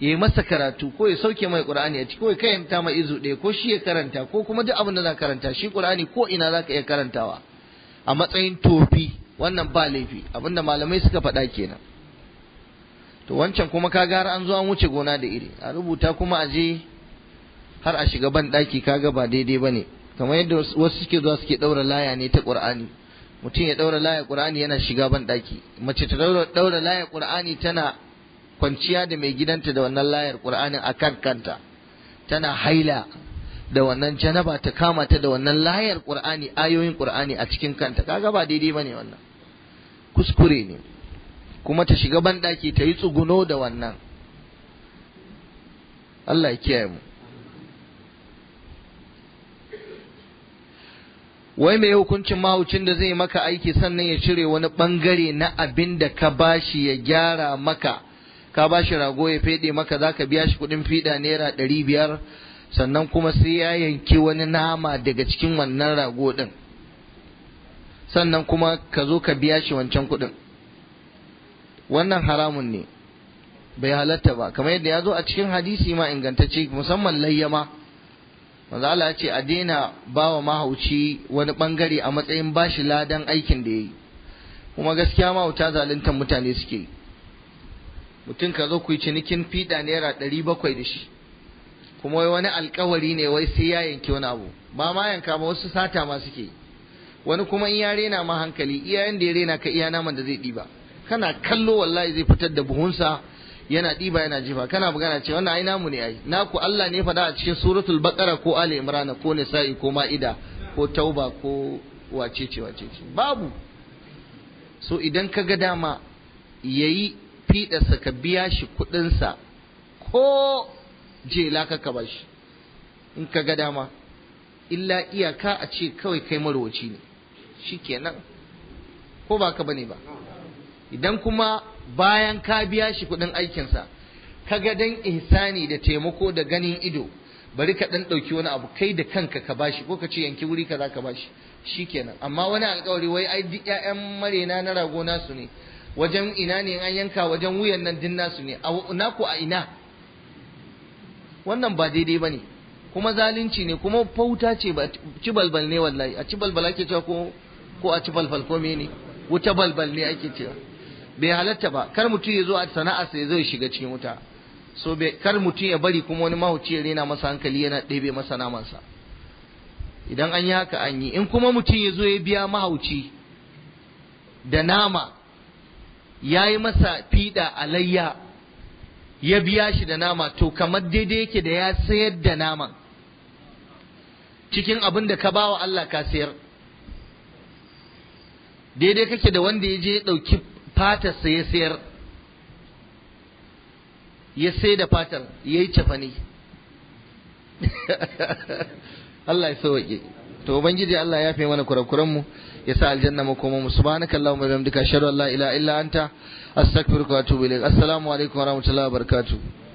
ya yi masa karatu ko ya sauke mai qur'ani a ciki ko ya kayyanta mai izu ɗaya ko shi ya karanta ko kuma duk abin da za karanta shi qur'ani ko ina za ka iya karantawa a matsayin tofi wannan ba laifi abinda malamai suka faɗa kenan to wancan kuma ka gara an zo an wuce gona da iri a rubuta kuma a je har a shiga ban ɗaki kaga ba daidai ba ne kamar yadda wasu suke zuwa suke ɗaura laya ne ta ƙur'ani mutum ya ɗaura laya ƙur'ani yana shiga ban ɗaki mace ta ɗaura laya ƙur'ani tana kwanciya da mai gidanta da wannan layar ƙur'anin a kan kanta tana haila da wannan janaba ta kama ta da wannan layar ƙur'ani ayoyin ƙur'ani a cikin kanta kaga ba daidai ba ne wannan kuskure ne kuma ta shiga ban ɗaki ta yi tsuguno da wannan Allah ya kiyaye mu wai mai hukuncin mahaucin da zai maka aiki sannan ya cire wani bangare na abin da ka bashi ya gyara maka ka bashi rago ya fede maka za ka biya shi kudin fida naira ɗari biyar sannan kuma sai ya yanki wani nama daga cikin wannan rago din sannan kuma ka zo ka biya shi wancan kuɗin. wannan haramun ne bai halatta ba kamar yadda ya zo a cikin hadisi ma ingantacce musamman layyama manzo Allah ya ce a daina bawa mahauci wani bangare a matsayin bashi ladan aikin da yayi kuma gaskiya mahauta zaluntar mutane suke mutum ka zo ku yi cinikin fiɗa naira ɗari bakwai da shi kuma wai wani alkawari ne wai sai ya yanke wani abu ba ma yanka ba wasu sata ma suke wani kuma in ya rena ma hankali iyayen da ya rena ka iya naman da zai ɗiba kana kallo wallahi zai fitar da buhunsa yana ɗiba yana jifa kana magana ce wannan ai namu ne ai naku Allah ne faɗa a cikin suratul baqara ko ali imran ko nisa'i ko ma'ida ko tauba ko wacece wacece babu so idan ka ga dama yayi fiɗarsa ka biya shi kuɗinsa ko jela ka ka bashi in ka ga dama illa iyaka a ce kawai kai marwaci ne shikenan ko ba bane ba idan kuma bayan ka biya shi kuɗin aikinsa ka ga dan ihsani da taimako da ganin ido bari ka dan ɗauki wani abu kai da kanka ka bashi ko ka ce yanki wuri kaza ka bashi shikenan amma wani alƙawari wai ai duk ƴaƴan marena na rago nasu ne wajen ina ne an yanka wajen wuyan nan din nasu ne a ku a ina wannan ba daidai bane kuma zalunci ne kuma fauta ce ba ci balbal ne wallahi a ci balbal ake cewa ko ko a ci balbal ko ne wuta balbal ne ake cewa bai halatta ba kar mutum ya zo a sana'a sai zai shiga cikin wuta so kar mutum ya bari kuma wani mahauci ya rena masa hankali yana ɗebe masa namansa idan an yi haka an yi in kuma mutum ya zo ya biya mahauci da nama ya yi masa fiɗa alayya ya biya shi da nama to kamar daidai yake da ya sayar da naman cikin abin da ka bawa Allah ka sayar daidai kake da wanda ya je ya ɗauki fatar sa ya sayar ya sai da fatar ya yi cafani Allah ya sauke to ubangiji Allah ya fi mana kurakuran mu ya sa aljanna mu koma mu subhanaka allahumma wa bihamdika ashhadu an la ilaha illa anta astaghfiruka wa atubu ilaik assalamu alaikum wa rahmatullahi wa barakatuh